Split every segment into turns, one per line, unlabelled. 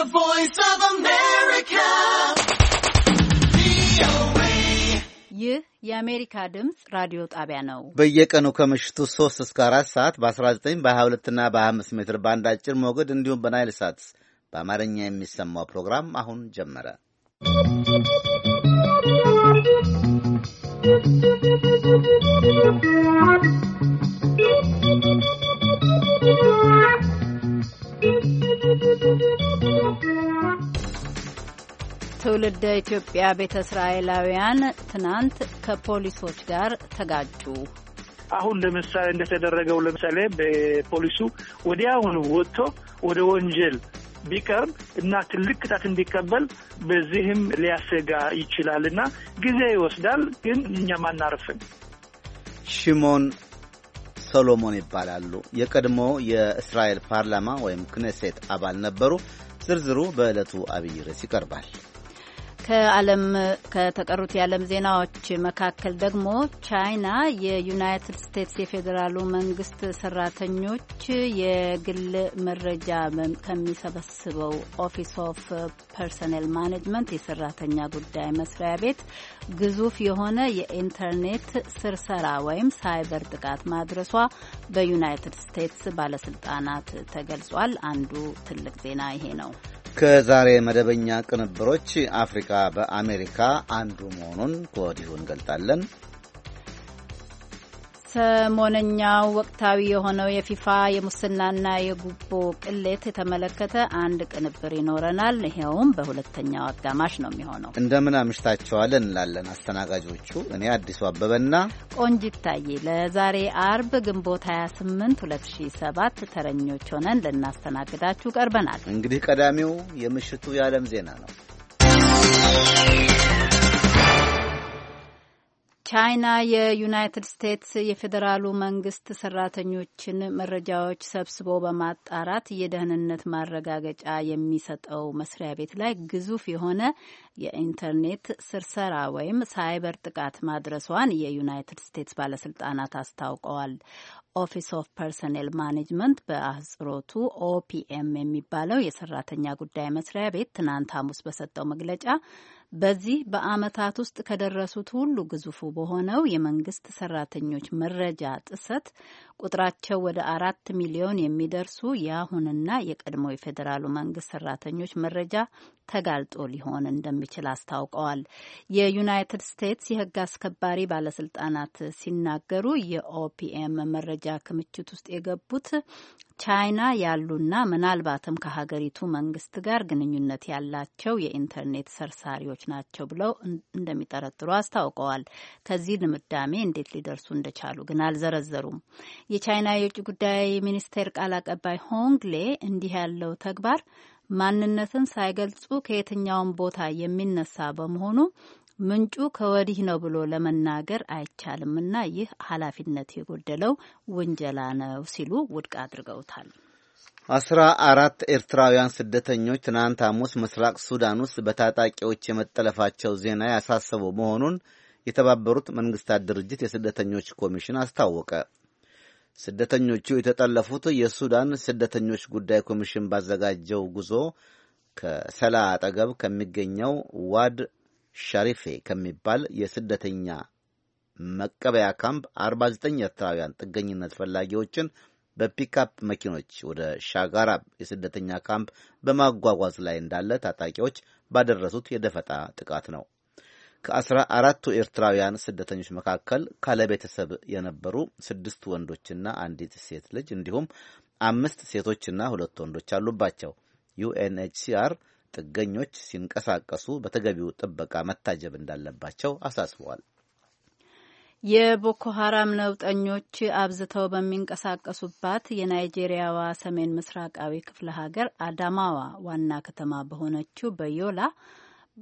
The Voice of America. ይህ የአሜሪካ ድምፅ ራዲዮ ጣቢያ ነው።
በየቀኑ ከምሽቱ 3 እስከ 4 ሰዓት በ19 በ22 እና በ25 ሜትር ባንድ አጭር ሞገድ እንዲሁም በናይል ሳት በአማርኛ የሚሰማው ፕሮግራም አሁን ጀመረ።
¶¶
ትውልደ ኢትዮጵያ ቤተ እስራኤላውያን ትናንት ከፖሊሶች ጋር ተጋጩ።
አሁን ለምሳሌ እንደተደረገው ለምሳሌ በፖሊሱ ወዲያውኑ ወጥቶ ወደ ወንጀል ቢቀርብ እና ትልቅ ቅጣት እንዲቀበል በዚህም ሊያሰጋ ይችላል እና ጊዜ ይወስዳል። ግን እኛም አናርፍም።
ሽሞን ሰሎሞን ይባላሉ። የቀድሞ የእስራኤል ፓርላማ ወይም ክኔሴት አባል ነበሩ። ዝርዝሩ በዕለቱ አብይ ርዕስ ይቀርባል።
ከዓለም ከተቀሩት የዓለም ዜናዎች መካከል ደግሞ ቻይና የዩናይትድ ስቴትስ የፌዴራሉ መንግስት ሰራተኞች የግል መረጃ ከሚሰበስበው ኦፊስ ኦፍ ፐርሰኔል ማኔጅመንት የሰራተኛ ጉዳይ መስሪያ ቤት ግዙፍ የሆነ የኢንተርኔት ስርሰራ ወይም ሳይበር ጥቃት ማድረሷ በዩናይትድ ስቴትስ ባለስልጣናት ተገልጿል። አንዱ ትልቅ ዜና ይሄ ነው።
ከዛሬ መደበኛ ቅንብሮች አፍሪካ በአሜሪካ አንዱ መሆኑን ከወዲሁ እንገልጣለን።
ሰሞነኛው ወቅታዊ የሆነው የፊፋ የሙስናና የጉቦ ቅሌት የተመለከተ አንድ ቅንብር ይኖረናል። ይኸውም በሁለተኛው አጋማሽ ነው የሚሆነው።
እንደምን አምሽታቸዋለን እንላለን አስተናጋጆቹ እኔ አዲሱ አበበና
ቆንጅ ታዬ። ለዛሬ አርብ ግንቦት 28 2007 ተረኞች ሆነን ልናስተናግዳችሁ ቀርበናል።
እንግዲህ ቀዳሚው የምሽቱ የዓለም ዜና ነው።
ቻይና የዩናይትድ ስቴትስ የፌዴራሉ መንግስት ሰራተኞችን መረጃዎች ሰብስቦ በማጣራት የደህንነት ማረጋገጫ የሚሰጠው መስሪያ ቤት ላይ ግዙፍ የሆነ የኢንተርኔት ስርሰራ ወይም ሳይበር ጥቃት ማድረሷን የዩናይትድ ስቴትስ ባለስልጣናት አስታውቀዋል። ኦፊስ ኦፍ ፐርሰኔል ማኔጅመንት በአህጽሮቱ ኦፒኤም የሚባለው የሰራተኛ ጉዳይ መስሪያ ቤት ትናንት ሐሙስ በሰጠው መግለጫ በዚህ በአመታት ውስጥ ከደረሱት ሁሉ ግዙፉ በሆነው የመንግስት ሰራተኞች መረጃ ጥሰት ቁጥራቸው ወደ አራት ሚሊዮን የሚደርሱ የአሁንና የቀድሞ የፌዴራሉ መንግስት ሰራተኞች መረጃ ተጋልጦ ሊሆን እንደሚችል አስታውቀዋል። የዩናይትድ ስቴትስ የህግ አስከባሪ ባለስልጣናት ሲናገሩ የኦፒኤም መረጃ ክምችት ውስጥ የገቡት ቻይና ያሉና ምናልባትም ከሀገሪቱ መንግስት ጋር ግንኙነት ያላቸው የኢንተርኔት ሰርሳሪዎች ናቸው ብለው እንደሚጠረጥሩ አስታውቀዋል። ከዚህ ድምዳሜ እንዴት ሊደርሱ እንደቻሉ ግን አልዘረዘሩም። የቻይና የውጭ ጉዳይ ሚኒስቴር ቃል አቀባይ ሆንግሌ እንዲህ ያለው ተግባር ማንነትን ሳይገልጹ ከየትኛውም ቦታ የሚነሳ በመሆኑ ምንጩ ከወዲህ ነው ብሎ ለመናገር አይቻልምና ይህ ኃላፊነት የጎደለው ውንጀላ ነው ሲሉ ውድቅ አድርገውታል።
አስራ አራት ኤርትራውያን ስደተኞች ትናንት ሐሙስ ምስራቅ ሱዳን ውስጥ በታጣቂዎች የመጠለፋቸው ዜና ያሳሰበው መሆኑን የተባበሩት መንግስታት ድርጅት የስደተኞች ኮሚሽን አስታወቀ። ስደተኞቹ የተጠለፉት የሱዳን ስደተኞች ጉዳይ ኮሚሽን ባዘጋጀው ጉዞ ከሰላ አጠገብ ከሚገኘው ዋድ ሻሪፌ ከሚባል የስደተኛ መቀበያ ካምፕ 49 ኤርትራውያን ጥገኝነት ፈላጊዎችን በፒካፕ መኪኖች ወደ ሻጋራብ የስደተኛ ካምፕ በማጓጓዝ ላይ እንዳለ ታጣቂዎች ባደረሱት የደፈጣ ጥቃት ነው። ከአስራ አራቱ ኤርትራውያን ስደተኞች መካከል ቤተሰብ የነበሩ ስድስት ወንዶችና አንዲት ሴት ልጅ እንዲሁም አምስት ሴቶችና ሁለት ወንዶች አሉባቸው። ዩኤንኤችሲአር ጥገኞች ሲንቀሳቀሱ በተገቢው ጥበቃ መታጀብ እንዳለባቸው አሳስበዋል።
የቦኮ ሀራም ነውጠኞች አብዝተው በሚንቀሳቀሱባት የናይጄሪያዋ ሰሜን ምስራቃዊ ክፍለ ሀገር አዳማዋ ዋና ከተማ በሆነችው በዮላ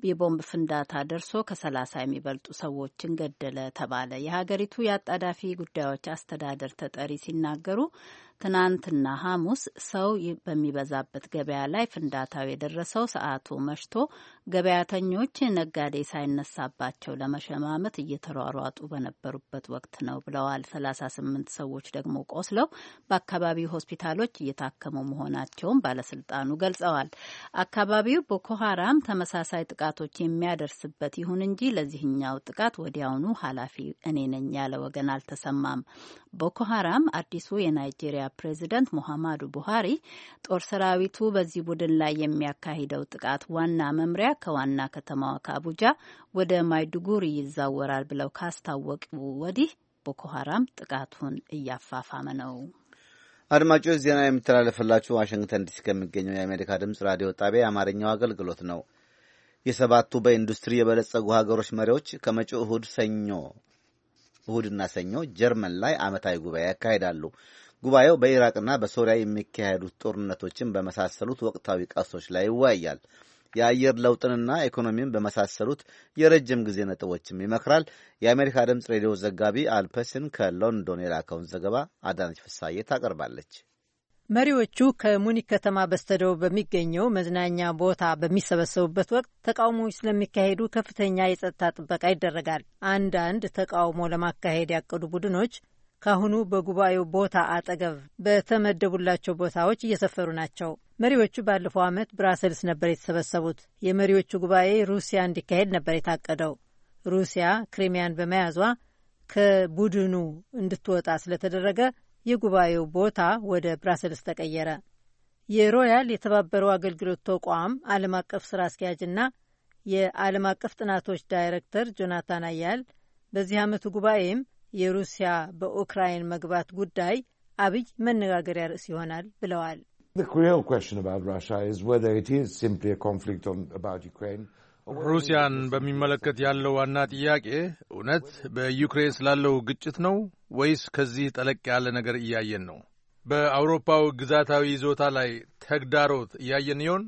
የቦምብ ፍንዳታ ደርሶ ከሰላሳ የሚበልጡ ሰዎችን ገደለ ተባለ። የሀገሪቱ የአጣዳፊ ጉዳዮች አስተዳደር ተጠሪ ሲናገሩ ትናንትና ሐሙስ ሰው በሚበዛበት ገበያ ላይ ፍንዳታው የደረሰው ሰዓቱ መሽቶ ገበያተኞች ነጋዴ ሳይነሳባቸው ለመሸማመት እየተሯሯጡ በነበሩበት ወቅት ነው ብለዋል። ሰላሳ ስምንት ሰዎች ደግሞ ቆስለው በአካባቢው ሆስፒታሎች እየታከሙ መሆናቸውን ባለስልጣኑ ገልጸዋል። አካባቢው ቦኮ ሀራም ተመሳሳይ ጥቃቶች የሚያደርስበት ይሁን እንጂ ለዚህኛው ጥቃት ወዲያውኑ ኃላፊ እኔ ነኝ ያለ ወገን አልተሰማም። ቦኮ ሀራም አዲሱ የናይጄሪያ ፕሬዚደንት ሙሐማዱ ቡሃሪ ጦር ሰራዊቱ በዚህ ቡድን ላይ የሚያካሂደው ጥቃት ዋና መምሪያ ከዋና ከተማዋ ከአቡጃ ወደ ማይዱጉሪ ይዛወራል ብለው ካስታወቁ ወዲህ ቦኮ ሀራም ጥቃቱን እያፋፋመ ነው።
አድማጮች ዜና የሚተላለፍላችሁ ዋሽንግተን ዲሲ ከሚገኘው የአሜሪካ ድምፅ ራዲዮ ጣቢያ የአማርኛው አገልግሎት ነው። የሰባቱ በኢንዱስትሪ የበለጸጉ ሀገሮች መሪዎች ከመጪው እሁድ ሰኞ እሁድና ሰኞ ጀርመን ላይ ዓመታዊ ጉባኤ ያካሂዳሉ። ጉባኤው በኢራቅና በሶሪያ የሚካሄዱት ጦርነቶችን በመሳሰሉት ወቅታዊ ቀሶች ላይ ይወያያል። የአየር ለውጥንና ኢኮኖሚን በመሳሰሉት የረጅም ጊዜ ነጥቦችም ይመክራል። የአሜሪካ ድምፅ ሬዲዮ ዘጋቢ አልፐስን ከሎንዶን የላከውን ዘገባ አዳነች ፍሳዬ ታቀርባለች።
መሪዎቹ ከሙኒክ ከተማ በስተደቡብ በሚገኘው መዝናኛ ቦታ በሚሰበሰቡበት ወቅት ተቃውሞዎች ስለሚካሄዱ ከፍተኛ የጸጥታ ጥበቃ ይደረጋል። አንዳንድ ተቃውሞ ለማካሄድ ያቀዱ ቡድኖች ካሁኑ በጉባኤው ቦታ አጠገብ በተመደቡላቸው ቦታዎች እየሰፈሩ ናቸው። መሪዎቹ ባለፈው ዓመት ብራሰልስ ነበር የተሰበሰቡት። የመሪዎቹ ጉባኤ ሩሲያ እንዲካሄድ ነበር የታቀደው። ሩሲያ ክሪሚያን በመያዟ ከቡድኑ እንድትወጣ ስለተደረገ የጉባኤው ቦታ ወደ ብራሰልስ ተቀየረ። የሮያል የተባበረው አገልግሎት ተቋም ዓለም አቀፍ ስራ አስኪያጅና የዓለም አቀፍ ጥናቶች ዳይሬክተር ጆናታን አያል በዚህ ዓመቱ ጉባኤም የሩሲያ በኡክራይን መግባት ጉዳይ አብይ መነጋገሪያ ርዕስ ይሆናል ብለዋል።
ሩሲያን በሚመለከት ያለው ዋና ጥያቄ እውነት በዩክሬን ስላለው ግጭት ነው ወይስ ከዚህ ጠለቅ ያለ ነገር እያየን ነው? በአውሮፓው ግዛታዊ ይዞታ ላይ ተግዳሮት
እያየን ይሆን?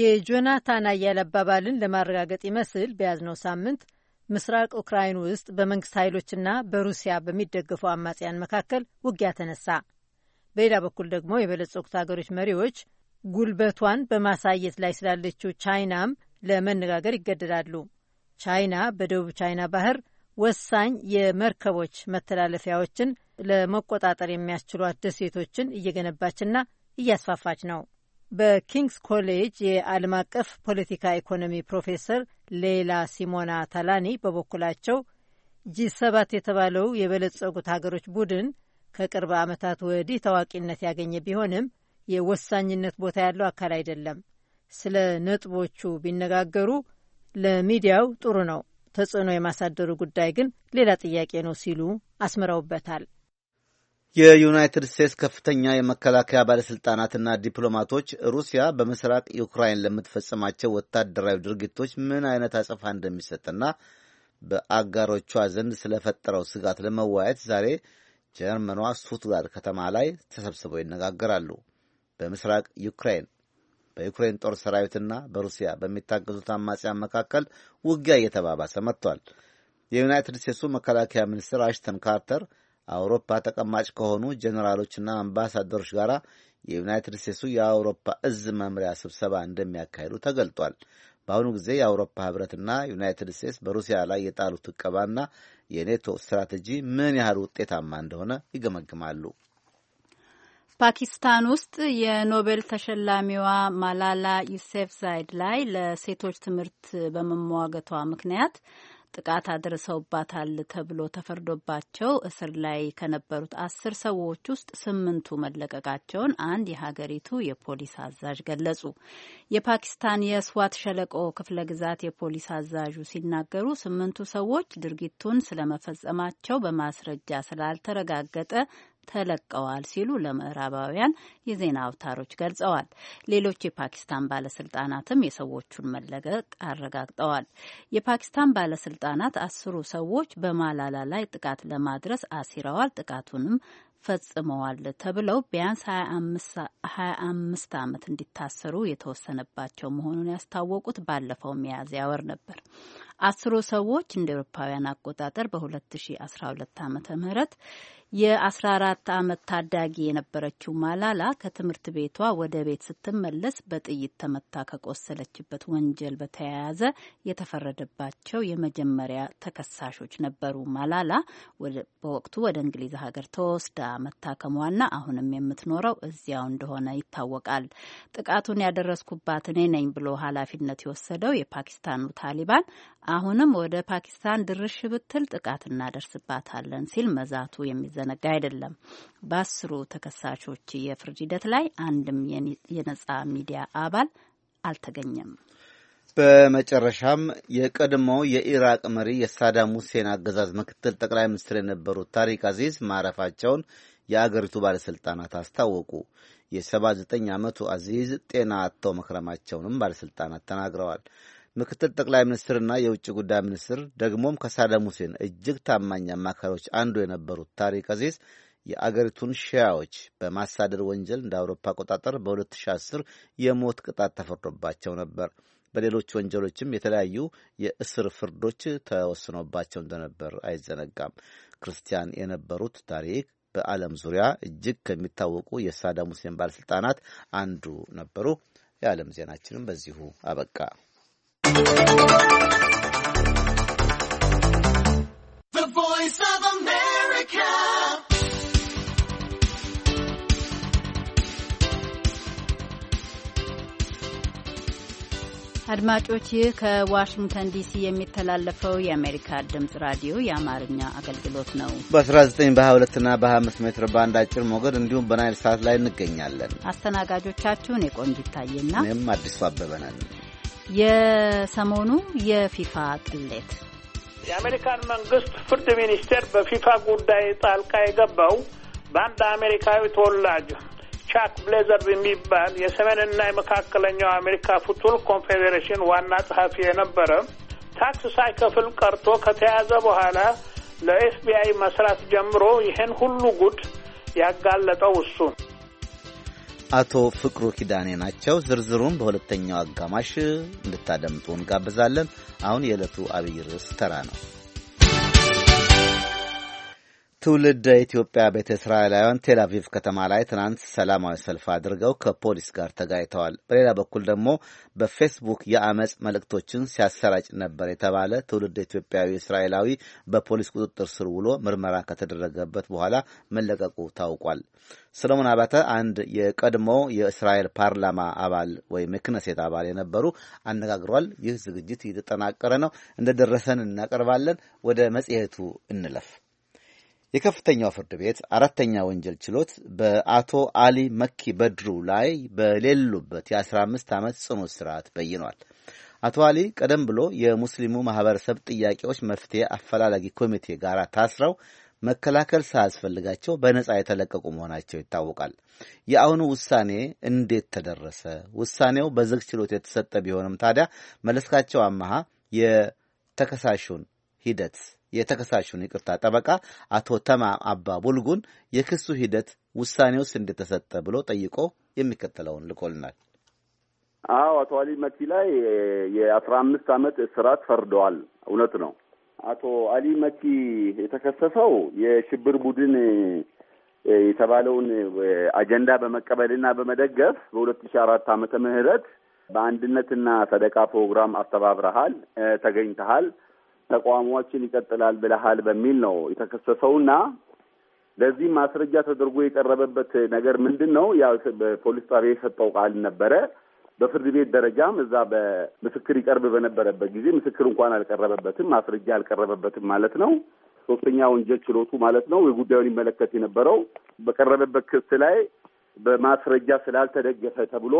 የጆናታን አያል አባባልን ለማረጋገጥ ይመስል በያዝነው ሳምንት ምስራቅ ኡክራይን ውስጥ በመንግስት ኃይሎችና በሩሲያ በሚደገፉ አማጽያን መካከል ውጊያ ተነሳ። በሌላ በኩል ደግሞ የበለጸጉት አገሮች መሪዎች ጉልበቷን በማሳየት ላይ ስላለችው ቻይናም ለመነጋገር ይገደዳሉ። ቻይና በደቡብ ቻይና ባህር ወሳኝ የመርከቦች መተላለፊያዎችን ለመቆጣጠር የሚያስችሏት ደሴቶችን እየገነባችና እያስፋፋች ነው። በኪንግስ ኮሌጅ የዓለም አቀፍ ፖለቲካ ኢኮኖሚ ፕሮፌሰር ሌላ ሲሞና ታላኒ በበኩላቸው ጂ ሰባት የተባለው የበለጸጉት ሀገሮች ቡድን ከቅርብ ዓመታት ወዲህ ታዋቂነት ያገኘ ቢሆንም የወሳኝነት ቦታ ያለው አካል አይደለም። ስለ ነጥቦቹ ቢነጋገሩ ለሚዲያው ጥሩ ነው፣ ተጽዕኖ የማሳደሩ ጉዳይ ግን ሌላ ጥያቄ ነው ሲሉ አስምረውበታል።
የዩናይትድ ስቴትስ ከፍተኛ የመከላከያ ባለሥልጣናትና ዲፕሎማቶች ሩሲያ በምስራቅ ዩክራይን ለምትፈጽማቸው ወታደራዊ ድርጊቶች ምን አይነት አጸፋ እንደሚሰጥና በአጋሮቿ ዘንድ ስለፈጠረው ስጋት ለመወያየት ዛሬ ጀርመኗ ሱትጋር ከተማ ላይ ተሰብስበው ይነጋገራሉ። በምስራቅ ዩክራይን በዩክሬን ጦር ሰራዊትና በሩሲያ በሚታገዙት አማጽያን መካከል ውጊያ እየተባባሰ መጥቷል። የዩናይትድ ስቴትሱ መከላከያ ሚኒስትር አሽተን ካርተር አውሮፓ ተቀማጭ ከሆኑ ጀኔራሎችና አምባሳደሮች ጋር የዩናይትድ ስቴትሱ የአውሮፓ እዝ መምሪያ ስብሰባ እንደሚያካሂዱ ተገልጧል። በአሁኑ ጊዜ የአውሮፓ ህብረትና ዩናይትድ ስቴትስ በሩሲያ ላይ የጣሉት እቀባና የኔቶ ስትራቴጂ ምን ያህል ውጤታማ እንደሆነ ይገመግማሉ።
ፓኪስታን ውስጥ የኖቤል ተሸላሚዋ ማላላ ዩሴፍ ዛይድ ላይ ለሴቶች ትምህርት በመሟገቷ ምክንያት ጥቃት አድርሰውባታል ተብሎ ተፈርዶባቸው እስር ላይ ከነበሩት አስር ሰዎች ውስጥ ስምንቱ መለቀቃቸውን አንድ የሀገሪቱ የፖሊስ አዛዥ ገለጹ። የፓኪስታን የስዋት ሸለቆ ክፍለ ግዛት የፖሊስ አዛዡ ሲናገሩ ስምንቱ ሰዎች ድርጊቱን ስለመፈጸማቸው በማስረጃ ስላልተረጋገጠ ተለቀዋል ሲሉ ለምዕራባውያን የዜና አውታሮች ገልጸዋል። ሌሎች የፓኪስታን ባለስልጣናትም የሰዎቹን መለቀቅ አረጋግጠዋል። የፓኪስታን ባለስልጣናት አስሩ ሰዎች በማላላ ላይ ጥቃት ለማድረስ አሲረዋል፣ ጥቃቱንም ፈጽመዋል ተብለው ቢያንስ ሀያ አምስት ዓመት እንዲታሰሩ የተወሰነባቸው መሆኑን ያስታወቁት ባለፈው ሚያዝያ ወር ነበር። አስሩ ሰዎች እንደ ኤሮፓውያን አቆጣጠር በ2012 ዓ ም የ14 ዓመት ታዳጊ የነበረችው ማላላ ከትምህርት ቤቷ ወደ ቤት ስትመለስ በጥይት ተመታ ከቆሰለችበት ወንጀል በተያያዘ የተፈረደባቸው የመጀመሪያ ተከሳሾች ነበሩ። ማላላ በወቅቱ ወደ እንግሊዝ ሀገር ተወስዳ መታከሟና አሁንም የምትኖረው እዚያው እንደሆነ ይታወቃል። ጥቃቱን ያደረስኩባት እኔ ነኝ ብሎ ኃላፊነት የወሰደው የፓኪስታኑ ታሊባን አሁንም ወደ ፓኪስታን ድርሽ ብትል ጥቃት እናደርስባታለን ሲል መዛቱ የሚዘ የሚዘነጋ አይደለም። በአስሩ ተከሳሾች የፍርድ ሂደት ላይ አንድም የነጻ ሚዲያ አባል አልተገኘም።
በመጨረሻም የቀድሞው የኢራቅ መሪ የሳዳም ሁሴን አገዛዝ ምክትል ጠቅላይ ሚኒስትር የነበሩት ታሪክ አዚዝ ማረፋቸውን የአገሪቱ ባለሥልጣናት አስታወቁ። የ79 ዓመቱ አዚዝ ጤና አጥተው መክረማቸውንም ባለሥልጣናት ተናግረዋል። ምክትል ጠቅላይ ሚኒስትርና የውጭ ጉዳይ ሚኒስትር ደግሞም ከሳዳም ሁሴን እጅግ ታማኝ አማካሪዎች አንዱ የነበሩት ታሪክ አዚዝ የአገሪቱን ሺያዎች በማሳደድ ወንጀል እንደ አውሮፓ አቆጣጠር በ2010 የሞት ቅጣት ተፈርዶባቸው ነበር። በሌሎች ወንጀሎችም የተለያዩ የእስር ፍርዶች ተወስኖባቸው እንደነበር አይዘነጋም። ክርስቲያን የነበሩት ታሪክ በዓለም ዙሪያ እጅግ ከሚታወቁ የሳዳም ሁሴን ባለሥልጣናት አንዱ ነበሩ። የዓለም ዜናችንም በዚሁ አበቃ።
አድማጮች ይህ ከዋሽንግተን ዲሲ የሚተላለፈው የአሜሪካ ድምጽ ራዲዮ የአማርኛ አገልግሎት ነው።
በ19 በ22ና በ25 ሜትር ባንድ አጭር ሞገድ እንዲሁም በናይል ሰዓት ላይ እንገኛለን።
አስተናጋጆቻችሁን የቆንጅ ይታየና እኔም አዲሱ አበበናል። የሰሞኑ የፊፋ ቅሌት
የአሜሪካን መንግስት ፍርድ ሚኒስቴር በፊፋ ጉዳይ ጣልቃ የገባው በአንድ አሜሪካዊ ተወላጅ ቻክ ብሌዘር የሚባል የሰሜንና የመካከለኛው አሜሪካ ፉትቦል ኮንፌዴሬሽን ዋና ጸሐፊ የነበረ ታክስ ሳይከፍል ቀርቶ ከተያዘ በኋላ ለኤፍቢአይ መስራት ጀምሮ ይህን ሁሉ ጉድ ያጋለጠው እሱን
አቶ ፍቅሩ ኪዳኔ ናቸው። ዝርዝሩን በሁለተኛው አጋማሽ እንድታደምጡ እንጋብዛለን። አሁን የዕለቱ አብይ ርዕስ ተራ ነው። ትውልድ ኢትዮጵያ ቤተ እስራኤላውያን ቴል አቪቭ ከተማ ላይ ትናንት ሰላማዊ ሰልፍ አድርገው ከፖሊስ ጋር ተጋጭተዋል። በሌላ በኩል ደግሞ በፌስቡክ የአመፅ መልእክቶችን ሲያሰራጭ ነበር የተባለ ትውልድ ኢትዮጵያዊ እስራኤላዊ በፖሊስ ቁጥጥር ስር ውሎ ምርመራ ከተደረገበት በኋላ መለቀቁ ታውቋል። ሰለሞን አባተ አንድ የቀድሞ የእስራኤል ፓርላማ አባል ወይም የክነሴት አባል የነበሩ አነጋግሯል። ይህ ዝግጅት እየተጠናቀረ ነው፣ እንደደረሰን እናቀርባለን። ወደ መጽሔቱ እንለፍ። የከፍተኛው ፍርድ ቤት አራተኛ ወንጀል ችሎት በአቶ አሊ መኪ በድሩ ላይ በሌሉበት የ15 ዓመት ጽኑ እስራት በይኗል። አቶ አሊ ቀደም ብሎ የሙስሊሙ ማህበረሰብ ጥያቄዎች መፍትሄ አፈላላጊ ኮሚቴ ጋር ታስረው መከላከል ሳያስፈልጋቸው በነጻ የተለቀቁ መሆናቸው ይታወቃል። የአሁኑ ውሳኔ እንዴት ተደረሰ? ውሳኔው በዝግ ችሎት የተሰጠ ቢሆንም ታዲያ መለስካቸው አመሃ የተከሳሹን ሂደት የተከሳሹን ይቅርታ ጠበቃ አቶ ተማ አባ ቡልጉን የክሱ ሂደት ውስጥ እንደተሰጠ ብሎ ጠይቆ የሚከተለውን ልኮልናል።
አዎ አቶ አሊ መኪ ላይ የአስራ አምስት ዓመት እስራት ፈርደዋል። እውነት ነው። አቶ አሊ መኪ የተከሰሰው የሽብር ቡድን የተባለውን አጀንዳ በመቀበልና በመደገፍ በሁለት ሺ አራት ዓመተ ምህረት በአንድነትና ሰደቃ ፕሮግራም አስተባብረሃል፣ ተገኝተሃል፣ ተቃውሟችን ይቀጥላል ብለሃል በሚል ነው የተከሰሰውና ለዚህ ማስረጃ ተደርጎ የቀረበበት ነገር ምንድን ነው? ያው በፖሊስ ጣቢያ የሰጠው ቃል ነበረ። በፍርድ ቤት ደረጃም እዛ በምስክር ይቀርብ በነበረበት ጊዜ ምስክር እንኳን አልቀረበበትም፣ ማስረጃ አልቀረበበትም ማለት ነው። ሶስተኛ ወንጀል ችሎቱ ማለት ነው የጉዳዩን ይመለከት የነበረው በቀረበበት ክስ ላይ በማስረጃ ስላልተደገፈ ተብሎ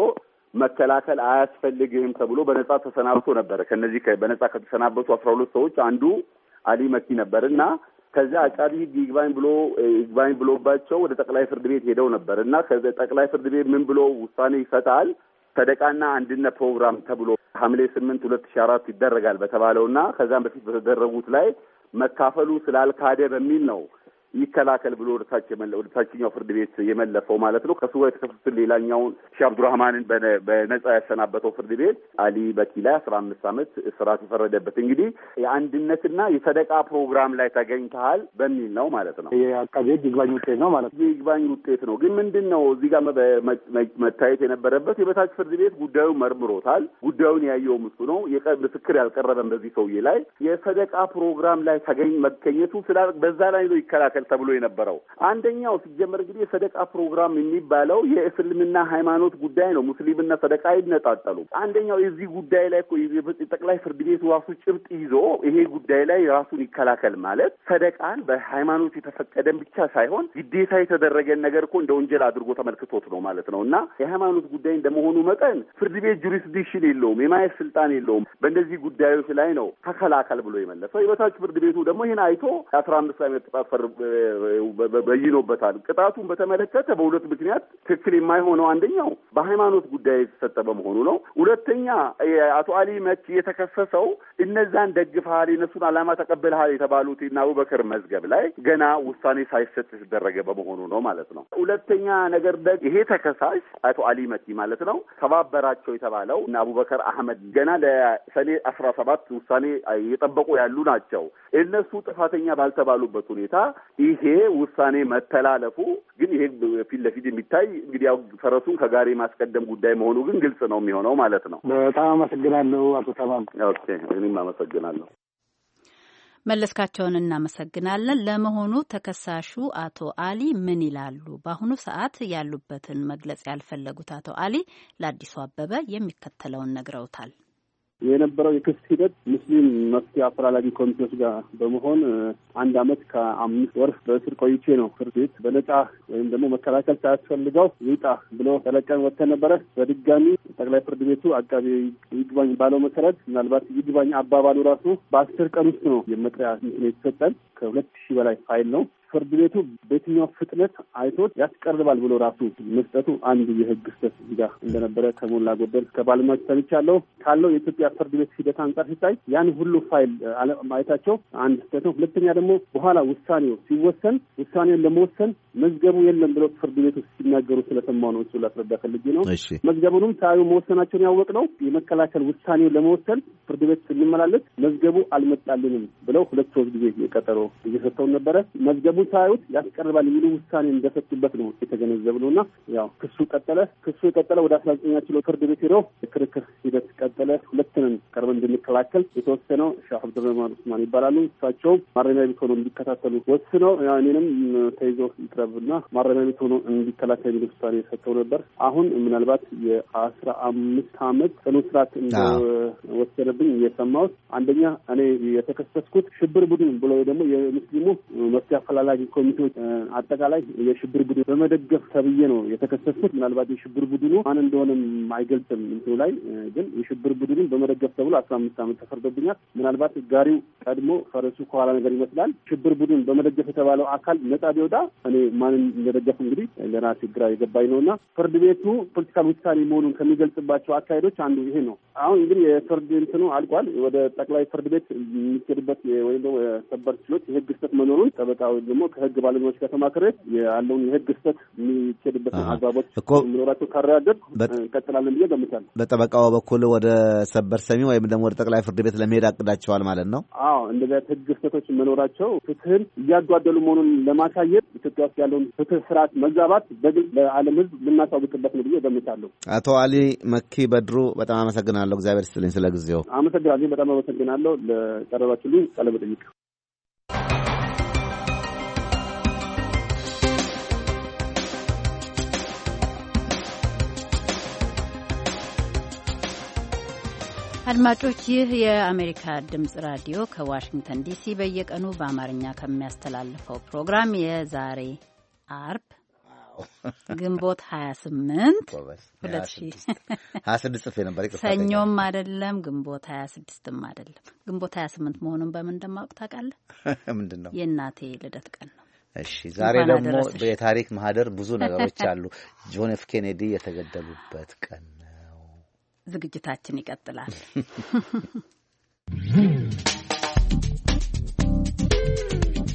መከላከል አያስፈልግህም ተብሎ በነጻ ተሰናብቶ ነበረ። ከነዚህ በነጻ ከተሰናበቱ አስራ ሁለት ሰዎች አንዱ አሊ መኪ ነበር እና ከዚያ አቃቢ ህግ ይግባኝ ብሎ ይግባኝ ብሎባቸው ወደ ጠቅላይ ፍርድ ቤት ሄደው ነበር እና ጠቅላይ ፍርድ ቤት ምን ብሎ ውሳኔ ይሰጣል? ሰደቃና አንድነት ፕሮግራም ተብሎ ሐምሌ ስምንት ሁለት ሺ አራት ይደረጋል በተባለው እና ከዚያም በፊት በተደረጉት ላይ መካፈሉ ስላልካደ በሚል ነው ይከላከል ብሎ ወደታች ፍርድ ቤት የመለፈው ማለት ነው። ከሱ የተከሰሱትን ሌላኛውን ሼህ አብዱራህማንን በነጻ ያሰናበተው ፍርድ ቤት አሊ በኪ ላይ አስራ አምስት ዓመት እስራት የፈረደበት እንግዲህ የአንድነትና የሰደቃ ፕሮግራም ላይ ተገኝተሃል በሚል ነው ማለት ነው። የአቃቤ ይግባኝ ውጤት ነው ማለት ነው። ይግባኝ ውጤት ነው። ግን ምንድን ነው እዚህ ጋር መታየት የነበረበት የበታች ፍርድ ቤት ጉዳዩን መርምሮታል። ጉዳዩን ያየውም እሱ ነው። ምስክር ያልቀረበም በዚህ ሰውዬ ላይ የሰደቃ ፕሮግራም ላይ ተገኝ መገኘቱ በዛ ላይ ነው ይከላከል መካከል ተብሎ የነበረው አንደኛው ሲጀመር እንግዲህ የሰደቃ ፕሮግራም የሚባለው የእስልምና ሃይማኖት ጉዳይ ነው። ሙስሊምና ሰደቃ ይነጣጠሉ አንደኛው የዚህ ጉዳይ ላይ እኮ ጠቅላይ ፍርድ ቤቱ ራሱ ጭብጥ ይዞ ይሄ ጉዳይ ላይ ራሱን ይከላከል ማለት ሰደቃን በሃይማኖት የተፈቀደን ብቻ ሳይሆን ግዴታ የተደረገን ነገር እኮ እንደ ወንጀል አድርጎ ተመልክቶት ነው ማለት ነው። እና የሃይማኖት ጉዳይ እንደመሆኑ መጠን ፍርድ ቤት ጁሪስዲክሽን የለውም፣ የማየት ስልጣን የለውም። በእንደዚህ ጉዳዮች ላይ ነው ተከላከል ብሎ የመለሰው። የበታች ፍርድ ቤቱ ደግሞ ይህን አይቶ አስራ አምስት ዓመት ቅጣት በይኖበታል። ቅጣቱን በተመለከተ በሁለት ምክንያት ትክክል የማይሆነው አንደኛው በሃይማኖት ጉዳይ የተሰጠ በመሆኑ ነው። ሁለተኛ አቶ አሊ መኪ የተከሰሰው እነዛን ደግፈሃል፣ የነሱን አላማ ተቀብልሃል የተባሉት እና አቡበከር መዝገብ ላይ ገና ውሳኔ ሳይሰጥ የተደረገ በመሆኑ ነው ማለት ነው። ሁለተኛ ነገር ደግ ይሄ ተከሳሽ አቶ አሊ መኪ ማለት ነው ተባበራቸው የተባለው እና አቡበከር አህመድ ገና ለሰኔ አስራ ሰባት ውሳኔ እየጠበቁ ያሉ ናቸው። እነሱ ጥፋተኛ ባልተባሉበት ሁኔታ ይሄ ውሳኔ መተላለፉ ግን ይሄ ፊት ለፊት የሚታይ እንግዲህ ያው ፈረሱን ከጋሪ ማስቀደም ጉዳይ መሆኑ ግን ግልጽ ነው የሚሆነው ማለት ነው። በጣም አመሰግናለሁ አቶ ተማም። ኦኬ እኔም አመሰግናለሁ።
መለስካቸውን እናመሰግናለን። ለመሆኑ ተከሳሹ አቶ አሊ ምን ይላሉ? በአሁኑ ሰዓት ያሉበትን መግለጽ ያልፈለጉት አቶ አሊ ለአዲሱ አበበ የሚከተለውን ነግረውታል።
የነበረው የክስ ሂደት ሙስሊም መፍትሄ አፈላላጊ ኮሚቴዎች ጋር በመሆን አንድ አመት ከአምስት ወር በእስር ቆይቼ ነው ፍርድ ቤት በነጻ ወይም ደግሞ መከላከል ሳያስፈልገው ይውጣ ብሎ ተለቀን ወጥተን ነበረ። በድጋሚ ጠቅላይ ፍርድ ቤቱ አቃቤ ይግባኝ ባለው መሰረት ምናልባት ይግባኝ አባባሉ ራሱ በአስር ቀን ውስጥ ነው የመጥሪያ የተሰጠን። ከሁለት ሺህ በላይ ፋይል ነው ፍርድ ቤቱ በየትኛው ፍጥነት አይቶት ያስቀርባል ብሎ ራሱ መስጠቱ አንድ የህግ ስህተት ጋ እንደነበረ ከሞላ ጎደል ከባለሙያዎች ሰምቻለሁ። ካለው የኢትዮጵያ ፍርድ ቤት ሂደት አንጻር ሲታይ ያን ሁሉ ፋይል ማየታቸው አንድ ስህተት ነው። ሁለተኛ ደግሞ በኋላ ውሳኔው ሲወሰን ውሳኔውን ለመወሰን መዝገቡ የለም ብለው ፍርድ ቤቱ ሲናገሩ ስለሰማው ነው። እሱ ላስረዳ ፈልጌ ነው። መዝገቡንም ሳዩ መወሰናቸውን ያወቅ ነው የመከላከል ውሳኔውን ለመወሰን ፍርድ ቤት ስንመላለስ መዝገቡ አልመጣልንም ብለው ሁለት ሶስት ጊዜ የቀጠሮ ጊዜ ነበረ መዝገቡ ሳያዩት ያስቀርባል የሚሉ ውሳኔ እንደሰጡበት ነው የተገነዘብ ነው እና ያው ክሱ ቀጠለ። ክሱ የቀጠለ ወደ አስራ ዘጠነኛ ችሎት ፍርድ ቤት ሄደው የክርክር ሂደት ቀጠለ። ሁለትንን ቀርበን እንድንከላከል የተወሰነው ሻህ አብዱረህማን ኡስማን ይባላሉ። እሳቸውም ማረሚያ ቤት ሆኖ እንዲከታተሉ ወስነው እኔንም ተይዞ ይቅረብና ማረሚያ ቤት ሆኖ እንዲከላከል የሚል ውሳኔ ሰጥተው ነበር። አሁን ምናልባት የአስራ አምስት አመት ጽኑ እስራት እንደወሰነብኝ የሰማሁት አንደኛ እኔ የተከሰስኩት ሽብር ቡድን ብሎ ደግሞ የሙስሊሙ መፍትሄ አፈላላ አደራጅ ኮሚቴዎች አጠቃላይ የሽብር ቡድን በመደገፍ ተብዬ ነው የተከሰስኩት። ምናልባት የሽብር ቡድኑ ማን እንደሆነም አይገልጽም እንትኑ ላይ ግን የሽብር ቡድኑን በመደገፍ ተብሎ አስራ አምስት ዓመት ተፈርዶብኛል። ምናልባት ጋሪው ቀድሞ ፈረሱ ከኋላ ነገር ይመስላል። ሽብር ቡድን በመደገፍ የተባለው አካል ነጻ ቢወጣ እኔ ማንን እንደደገፍ እንግዲህ ለራሴ ግራ የገባኝ ነው እና ፍርድ ቤቱ ፖለቲካል ውሳኔ መሆኑን ከሚገልጽባቸው አካሄዶች አንዱ ይሄ ነው። አሁን እንግዲህ የፍርድ እንትኑ አልቋል። ወደ ጠቅላይ ፍርድ ቤት የሚሄድበት ወይም ደግሞ ሰበር ችሎት የህግ ስህተት መኖሩን ጠበቃ ወይም ደግሞ ደግሞ ከህግ ባለሙያዎች ጋር ተማክሬ ያለውን የህግ ስህተት የሚችልበት አግባቦች የሚኖራቸው ካረጋገጥ እንቀጥላለን ብዬ ገምታል።
በጠበቃው በኩል ወደ ሰበር ሰሚ ወይም ደግሞ ወደ ጠቅላይ ፍርድ ቤት ለመሄድ አቅዳቸዋል ማለት ነው?
አዎ እንደዚህ አይነት ህግ ስህተቶች መኖራቸው ፍትህን እያጓደሉ መሆኑን ለማሳየት ኢትዮጵያ ውስጥ ያለውን ፍትህ ስርዓት መዛባት በግልጽ ለዓለም ህዝብ ልናሳውቅበት ነው ብዬ ገምታለሁ።
አቶ አሊ መኪ በድሩ በጣም አመሰግናለሁ። እግዚአብሔር ስትልኝ ስለ ጊዜው
አመሰግናለሁ። በጣም አመሰግናለሁ ለቀረባችሁልኝ ቃለ መጠይቅ
አድማጮች ይህ የአሜሪካ ድምጽ ራዲዮ ከዋሽንግተን ዲሲ በየቀኑ በአማርኛ ከሚያስተላልፈው ፕሮግራም የዛሬ አርብ ግንቦት 28 ሰኞም አይደለም ግንቦት 26ም አይደለም ግንቦት 28 መሆኑን በምን እንደማወቅ ታውቃለህ?
ምንድን ነው?
የእናቴ ልደት ቀን
ነው። እሺ ዛሬ ደግሞ የታሪክ ማህደር ብዙ ነገሮች አሉ። ጆን ኤፍ ኬኔዲ የተገደሉበት ቀን
ዝግጅታችን ይቀጥላል።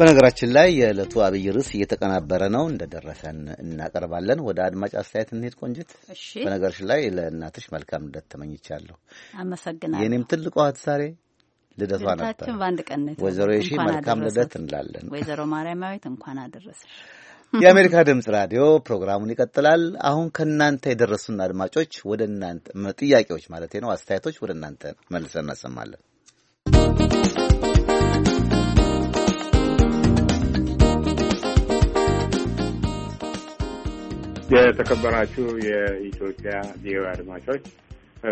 በነገራችን ላይ የዕለቱ አብይ ርዕስ እየተቀናበረ ነው፣ እንደደረሰን እናቀርባለን። ወደ አድማጭ አስተያየት እንሄድ። ቆንጅት፣ በነገርሽ ላይ ለእናትሽ መልካም ልደት ተመኝቻለሁ። አመሰግናለሁ። የእኔም ትልቁ እህት ዛሬ ልደቷ ነበር።
በአንድ ቀን ወይዘሮ የሺ መልካም ልደት እንላለን። ወይዘሮ ማርያማዊት እንኳን አደረሰሽ።
የአሜሪካ ድምፅ ራዲዮ ፕሮግራሙን ይቀጥላል። አሁን ከእናንተ የደረሱን አድማጮች ወደ እናንተ ጥያቄዎች ማለት ነው አስተያየቶች ወደ እናንተ መልሰን እናሰማለን።
የተከበራችሁ የኢትዮጵያ ቪኦኤ አድማጮች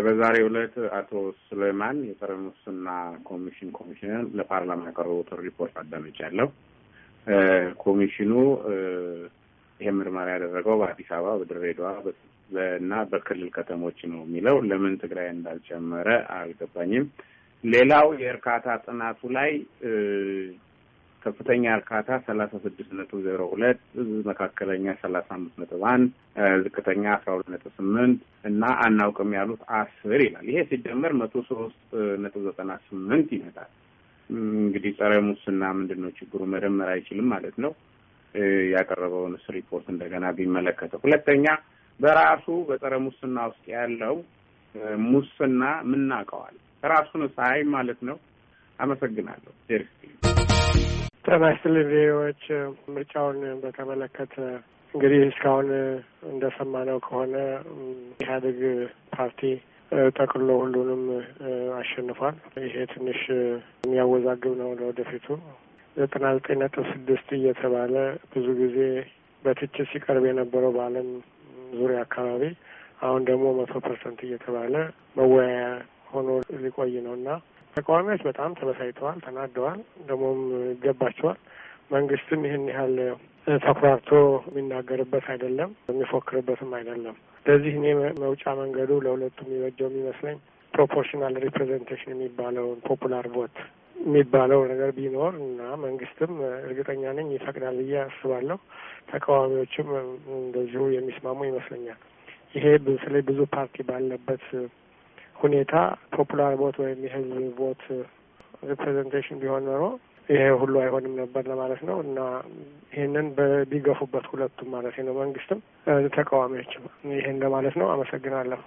በዛሬ ዕለት አቶ ሱሌማን የጸረ ሙስና ኮሚሽን
ኮሚሽነር ለፓርላማ ያቀረቡትን ሪፖርት አዳምጫለሁ። ኮሚሽኑ ይህ ምርመራ ያደረገው በአዲስ አበባ፣ በድሬዳዋ እና በክልል
ከተሞች ነው የሚለው ለምን ትግራይ እንዳልጨመረ አልገባኝም። ሌላው የእርካታ ጥናቱ ላይ ከፍተኛ እርካታ ሰላሳ ስድስት ነጥብ ዜሮ ሁለት መካከለኛ ሰላሳ አምስት ነጥብ አንድ ዝቅተኛ አስራ ሁለት ነጥብ ስምንት እና አናውቅም ያሉት አስር ይላል። ይሄ ሲደመር መቶ ሶስት ነጥብ ዘጠና ስምንት ይመጣል። እንግዲህ ጸረ ሙስና ምንድን ነው ችግሩ መደመር አይችልም ማለት ነው። ያቀረበውን ሪፖርት እንደገና ቢመለከተው። ሁለተኛ
በራሱ በጸረ
ሙስና ውስጥ ያለው ሙስና ምናውቀዋል ራሱን ሳይ ማለት ነው።
አመሰግናለሁ። ደርስ ጤና ይስጥልኝ ምርጫውን በተመለከተ እንግዲህ እስካሁን እንደሰማነው ከሆነ ኢህአዴግ ፓርቲ ጠቅሎ ሁሉንም አሸንፏል። ይሄ ትንሽ የሚያወዛግብ ነው። ለወደፊቱ ዘጠና ዘጠኝ ነጥብ ስድስት እየተባለ ብዙ ጊዜ በትችት ሲቀርብ የነበረው በዓለም ዙሪያ አካባቢ አሁን ደግሞ መቶ ፐርሰንት እየተባለ መወያያ ሆኖ ሊቆይ ነው እና ተቃዋሚዎች በጣም ተበሳይተዋል፣ ተናደዋል። ደግሞም ይገባቸዋል። መንግስትም ይህን ያህል ተኩራርቶ የሚናገርበት አይደለም፣ የሚፎክርበትም አይደለም። ለዚህ እኔ መውጫ መንገዱ ለሁለቱ የሚበጀው የሚመስለኝ ፕሮፖርሽናል ሪፕሬዘንቴሽን የሚባለውን ፖፑላር ቮት የሚባለው ነገር ቢኖር እና መንግስትም እርግጠኛ ነኝ ይፈቅዳል ብዬ አስባለሁ። ተቃዋሚዎችም እንደዚሁ የሚስማሙ ይመስለኛል። ይሄ ስለ ብዙ ፓርቲ ባለበት ሁኔታ ፖፑላር ቦት ወይም የህዝብ ቦት ሪፕሬዘንቴሽን ቢሆን ኖሮ ይሄ ሁሉ አይሆንም ነበር ለማለት ነው። እና ይህንን ቢገፉበት ሁለቱም ማለት ነው፣ መንግስትም ተቃዋሚዎችም ይህን ለማለት ነው። አመሰግናለሁ።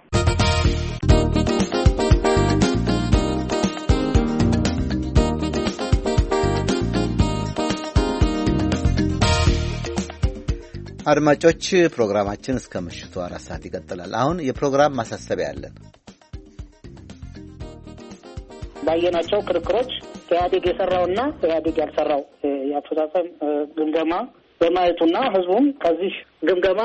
አድማጮች ፕሮግራማችን እስከ ምሽቱ አራት ሰዓት ይቀጥላል። አሁን የፕሮግራም ማሳሰቢያ አለን።
ባየናቸው ክርክሮች ኢህአዴግ የሰራውና ኢህአዴግ ያልሰራው የአፈጻጸም ግምገማ በማየቱና ህዝቡም ከዚህ ግምገማ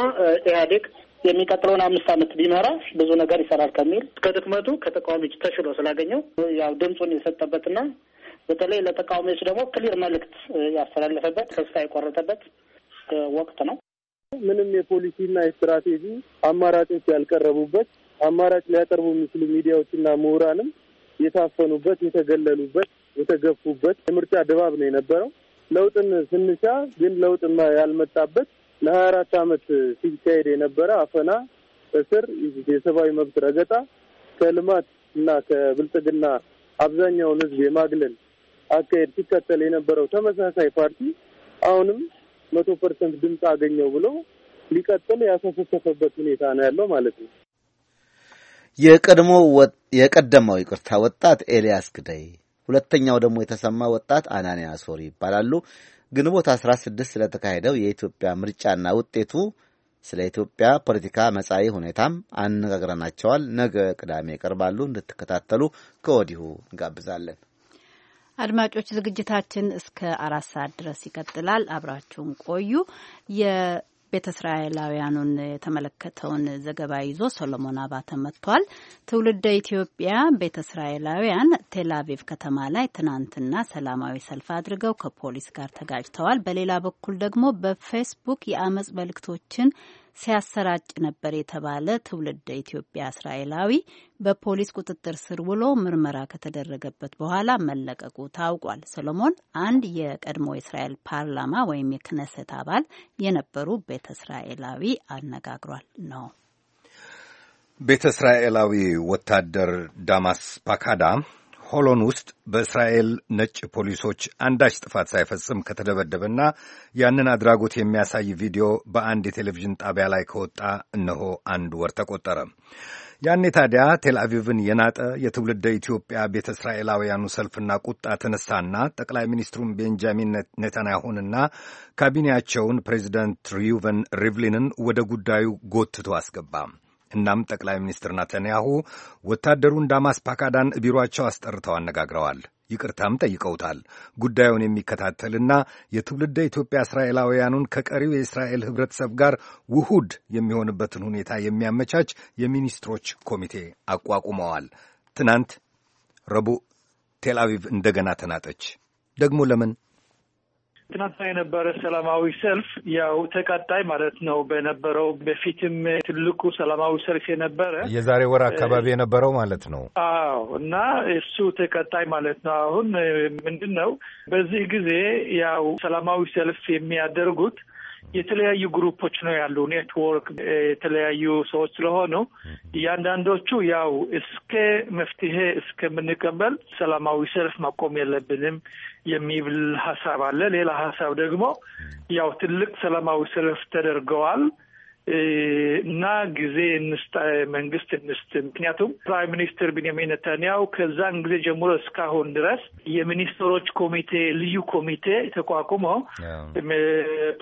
ኢህአዴግ የሚቀጥለውን አምስት ዓመት ቢመራ ብዙ ነገር ይሰራል ከሚል ከድክመቱ ከተቃዋሚዎች ተሽሎ ስላገኘው ያው ድምፁን የሰጠበትና በተለይ ለተቃዋሚዎች ደግሞ ክሊር መልእክት ያስተላለፈበት ተስፋ የቆረጠበት ወቅት ነው።
ምንም የፖሊሲና የስትራቴጂ አማራጮች ያልቀረቡበት አማራጭ ሊያቀርቡ የሚችሉ ሚዲያዎችና ምሁራንም የታፈኑበት፣ የተገለሉበት፣ የተገፉበት የምርጫ ድባብ ነው የነበረው። ለውጥን ስንሻ ግን ለውጥ ያልመጣበት ለሀያ አራት አመት ሲካሄድ የነበረ አፈና፣ እስር፣ የሰብአዊ መብት ረገጣ ከልማት እና ከብልጽግና አብዛኛውን ህዝብ የማግለል አካሄድ ሲከተል የነበረው ተመሳሳይ ፓርቲ አሁንም መቶ ፐርሰንት ድምፅ አገኘው ብሎ ሊቀጥል ያሰፈሰፈበት ሁኔታ ነው ያለው ማለት ነው።
የቀደመው ይቅርታ ወጣት ኤልያስ ግደይ ሁለተኛው ደግሞ የተሰማ ወጣት አናንያ ሶሪ ይባላሉ። ግንቦት 16 ስለተካሄደው የኢትዮጵያ ምርጫና ውጤቱ ስለ ኢትዮጵያ ፖለቲካ መጻኢ ሁኔታም አነጋግረናቸዋል። ነገ ቅዳሜ ይቀርባሉ። እንድትከታተሉ ከወዲሁ እንጋብዛለን።
አድማጮች፣ ዝግጅታችን እስከ አራት ሰዓት ድረስ ይቀጥላል። አብራችሁን ቆዩ። ቤተ እስራኤላውያኑን የተመለከተውን ዘገባ ይዞ ሶሎሞን አባተ መጥቷል። ትውልደ ኢትዮጵያ ቤተ እስራኤላውያን ቴል አቪቭ ከተማ ላይ ትናንትና ሰላማዊ ሰልፍ አድርገው ከፖሊስ ጋር ተጋጭተዋል። በሌላ በኩል ደግሞ በፌስቡክ የአመፅ መልእክቶችን ሲያሰራጭ ነበር የተባለ ትውልደ ኢትዮጵያ እስራኤላዊ በፖሊስ ቁጥጥር ስር ውሎ ምርመራ ከተደረገበት በኋላ መለቀቁ ታውቋል። ሰሎሞን አንድ የቀድሞ የእስራኤል ፓርላማ ወይም የክነሰት አባል የነበሩ ቤተ እስራኤላዊ አነጋግሯል ነው።
ቤተ እስራኤላዊ ወታደር ዳማስ ፓካዳ ሆሎን ውስጥ በእስራኤል ነጭ ፖሊሶች አንዳች ጥፋት ሳይፈጽም ከተደበደበና ያንን አድራጎት የሚያሳይ ቪዲዮ በአንድ የቴሌቪዥን ጣቢያ ላይ ከወጣ እነሆ አንድ ወር ተቆጠረ። ያኔ ታዲያ ቴል አቪቭን የናጠ የትውልደ ኢትዮጵያ ቤተ እስራኤላውያኑ ሰልፍና ቁጣ ተነሳና ጠቅላይ ሚኒስትሩን ቤንጃሚን ኔታንያሁንና ካቢኔያቸውን ፕሬዚደንት ሪዩቨን ሪቭሊንን ወደ ጉዳዩ ጎትቶ አስገባ። እናም ጠቅላይ ሚኒስትር ናተንያሁ ወታደሩን ዳማስ ፓካዳን ቢሮአቸው አስጠርተው አነጋግረዋል። ይቅርታም ጠይቀውታል። ጉዳዩን የሚከታተልና የትውልደ ኢትዮጵያ እስራኤላውያኑን ከቀሪው የእስራኤል ህብረተሰብ ጋር ውሁድ የሚሆንበትን ሁኔታ የሚያመቻች የሚኒስትሮች ኮሚቴ አቋቁመዋል። ትናንት ረቡዕ ቴልአቪቭ እንደገና ተናጠች። ደግሞ ለምን?
ትናንትና የነበረ ሰላማዊ ሰልፍ ያው ተቀጣይ ማለት ነው በነበረው በፊትም ትልቁ ሰላማዊ ሰልፍ የነበረ የዛሬ ወር አካባቢ
የነበረው ማለት ነው።
አዎ እና እሱ ተቀጣይ ማለት ነው። አሁን ምንድን ነው በዚህ ጊዜ ያው ሰላማዊ ሰልፍ የሚያደርጉት የተለያዩ ግሩፖች ነው ያሉ ኔትወርክ የተለያዩ ሰዎች ስለሆኑ እያንዳንዶቹ ያው እስከ መፍትሄ እስከምንቀበል ሰላማዊ ሰልፍ ማቆም የለብንም የሚብል ሀሳብ አለ። ሌላ ሀሳብ ደግሞ ያው ትልቅ ሰላማዊ ሰልፍ ተደርገዋል። እና ጊዜ መንግስት እንስጥ። ምክንያቱም ፕራይም ሚኒስትር ቢንያሚን ነታንያው ከዛን ጊዜ ጀምሮ እስካሁን ድረስ የሚኒስትሮች ኮሚቴ ልዩ ኮሚቴ ተቋቁሞ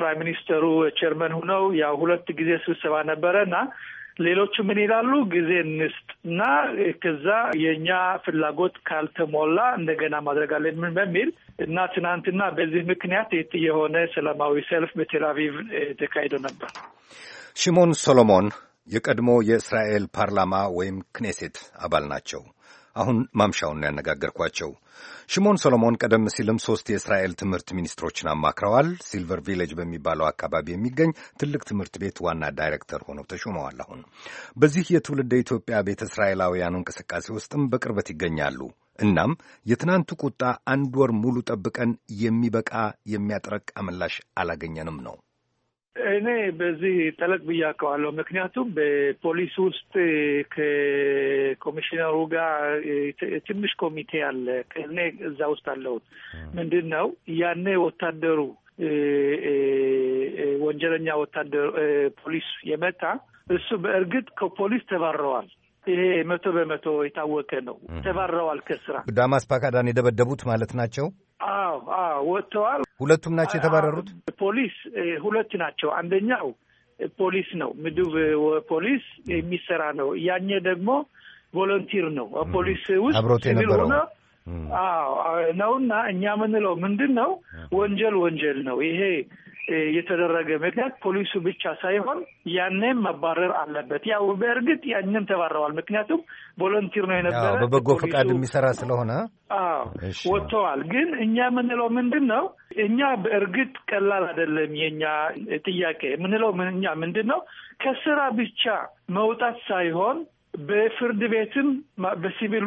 ፕራይም ሚኒስተሩ ቸርመን ሁነው ያው ሁለት ጊዜ ስብሰባ ነበረ እና ሌሎቹ ምን ይላሉ? ጊዜ እንስጥ እና ከዛ የእኛ ፍላጎት ካልተሞላ እንደገና ማድረግ አለን ምን በሚል እና ትናንትና በዚህ ምክንያት የሆነ ሰላማዊ ሰልፍ በቴል ተካሂዶ ነበር።
ሽሞን ሶሎሞን የቀድሞ የእስራኤል ፓርላማ ወይም ክኔሴት አባል ናቸው። አሁን ማምሻውን ነው ያነጋገርኳቸው። ሽሞን ሶሎሞን ቀደም ሲልም ሶስት የእስራኤል ትምህርት ሚኒስትሮችን አማክረዋል። ሲልቨር ቪሌጅ በሚባለው አካባቢ የሚገኝ ትልቅ ትምህርት ቤት ዋና ዳይሬክተር ሆነው ተሾመዋል። አሁን በዚህ የትውልደ ኢትዮጵያ ቤተ እስራኤላውያኑ እንቅስቃሴ ውስጥም በቅርበት ይገኛሉ። እናም የትናንቱ ቁጣ አንድ ወር ሙሉ ጠብቀን የሚበቃ የሚያጠረቃ ምላሽ አላገኘንም ነው
እኔ በዚህ ጠለቅ አውቀዋለሁ ምክንያቱም በፖሊስ ውስጥ ከኮሚሽነሩ ጋር ትንሽ ኮሚቴ አለ። እኔ እዛ ውስጥ አለሁት። ምንድን ነው ያኔ ወታደሩ ወንጀለኛ ወታደር ፖሊስ የመጣ እሱ በእርግጥ ከፖሊስ ተባረዋል። ይሄ መቶ በመቶ የታወቀ ነው። ተባረዋል ከስራ
ዳማስ ፓካዳን የደበደቡት ማለት ናቸው።
አዎ አዎ፣ ወጥተዋል። ሁለቱም ናቸው የተባረሩት። ፖሊስ ሁለት ናቸው። አንደኛው ፖሊስ ነው፣ ምድብ ፖሊስ የሚሰራ ነው። ያኘ ደግሞ ቮለንቲር ነው። ፖሊስ ውስጥ አብሮት የነበረው እና እኛ ምንለው ምንድን ነው፣ ወንጀል ወንጀል ነው ይሄ የተደረገ ምክንያት ፖሊሱ ብቻ ሳይሆን ያንን መባረር አለበት። ያው በእርግጥ ያንም ተባረዋል። ምክንያቱም ቮለንቲር ነው የነበረ በበጎ ፈቃድ
የሚሰራ ስለሆነ
ወጥተዋል። ግን እኛ የምንለው ምንድን ነው? እኛ በእርግጥ ቀላል አይደለም። የኛ ጥያቄ የምንለው እኛ ምንድን ነው ከስራ ብቻ መውጣት ሳይሆን በፍርድ ቤትም በሲቪል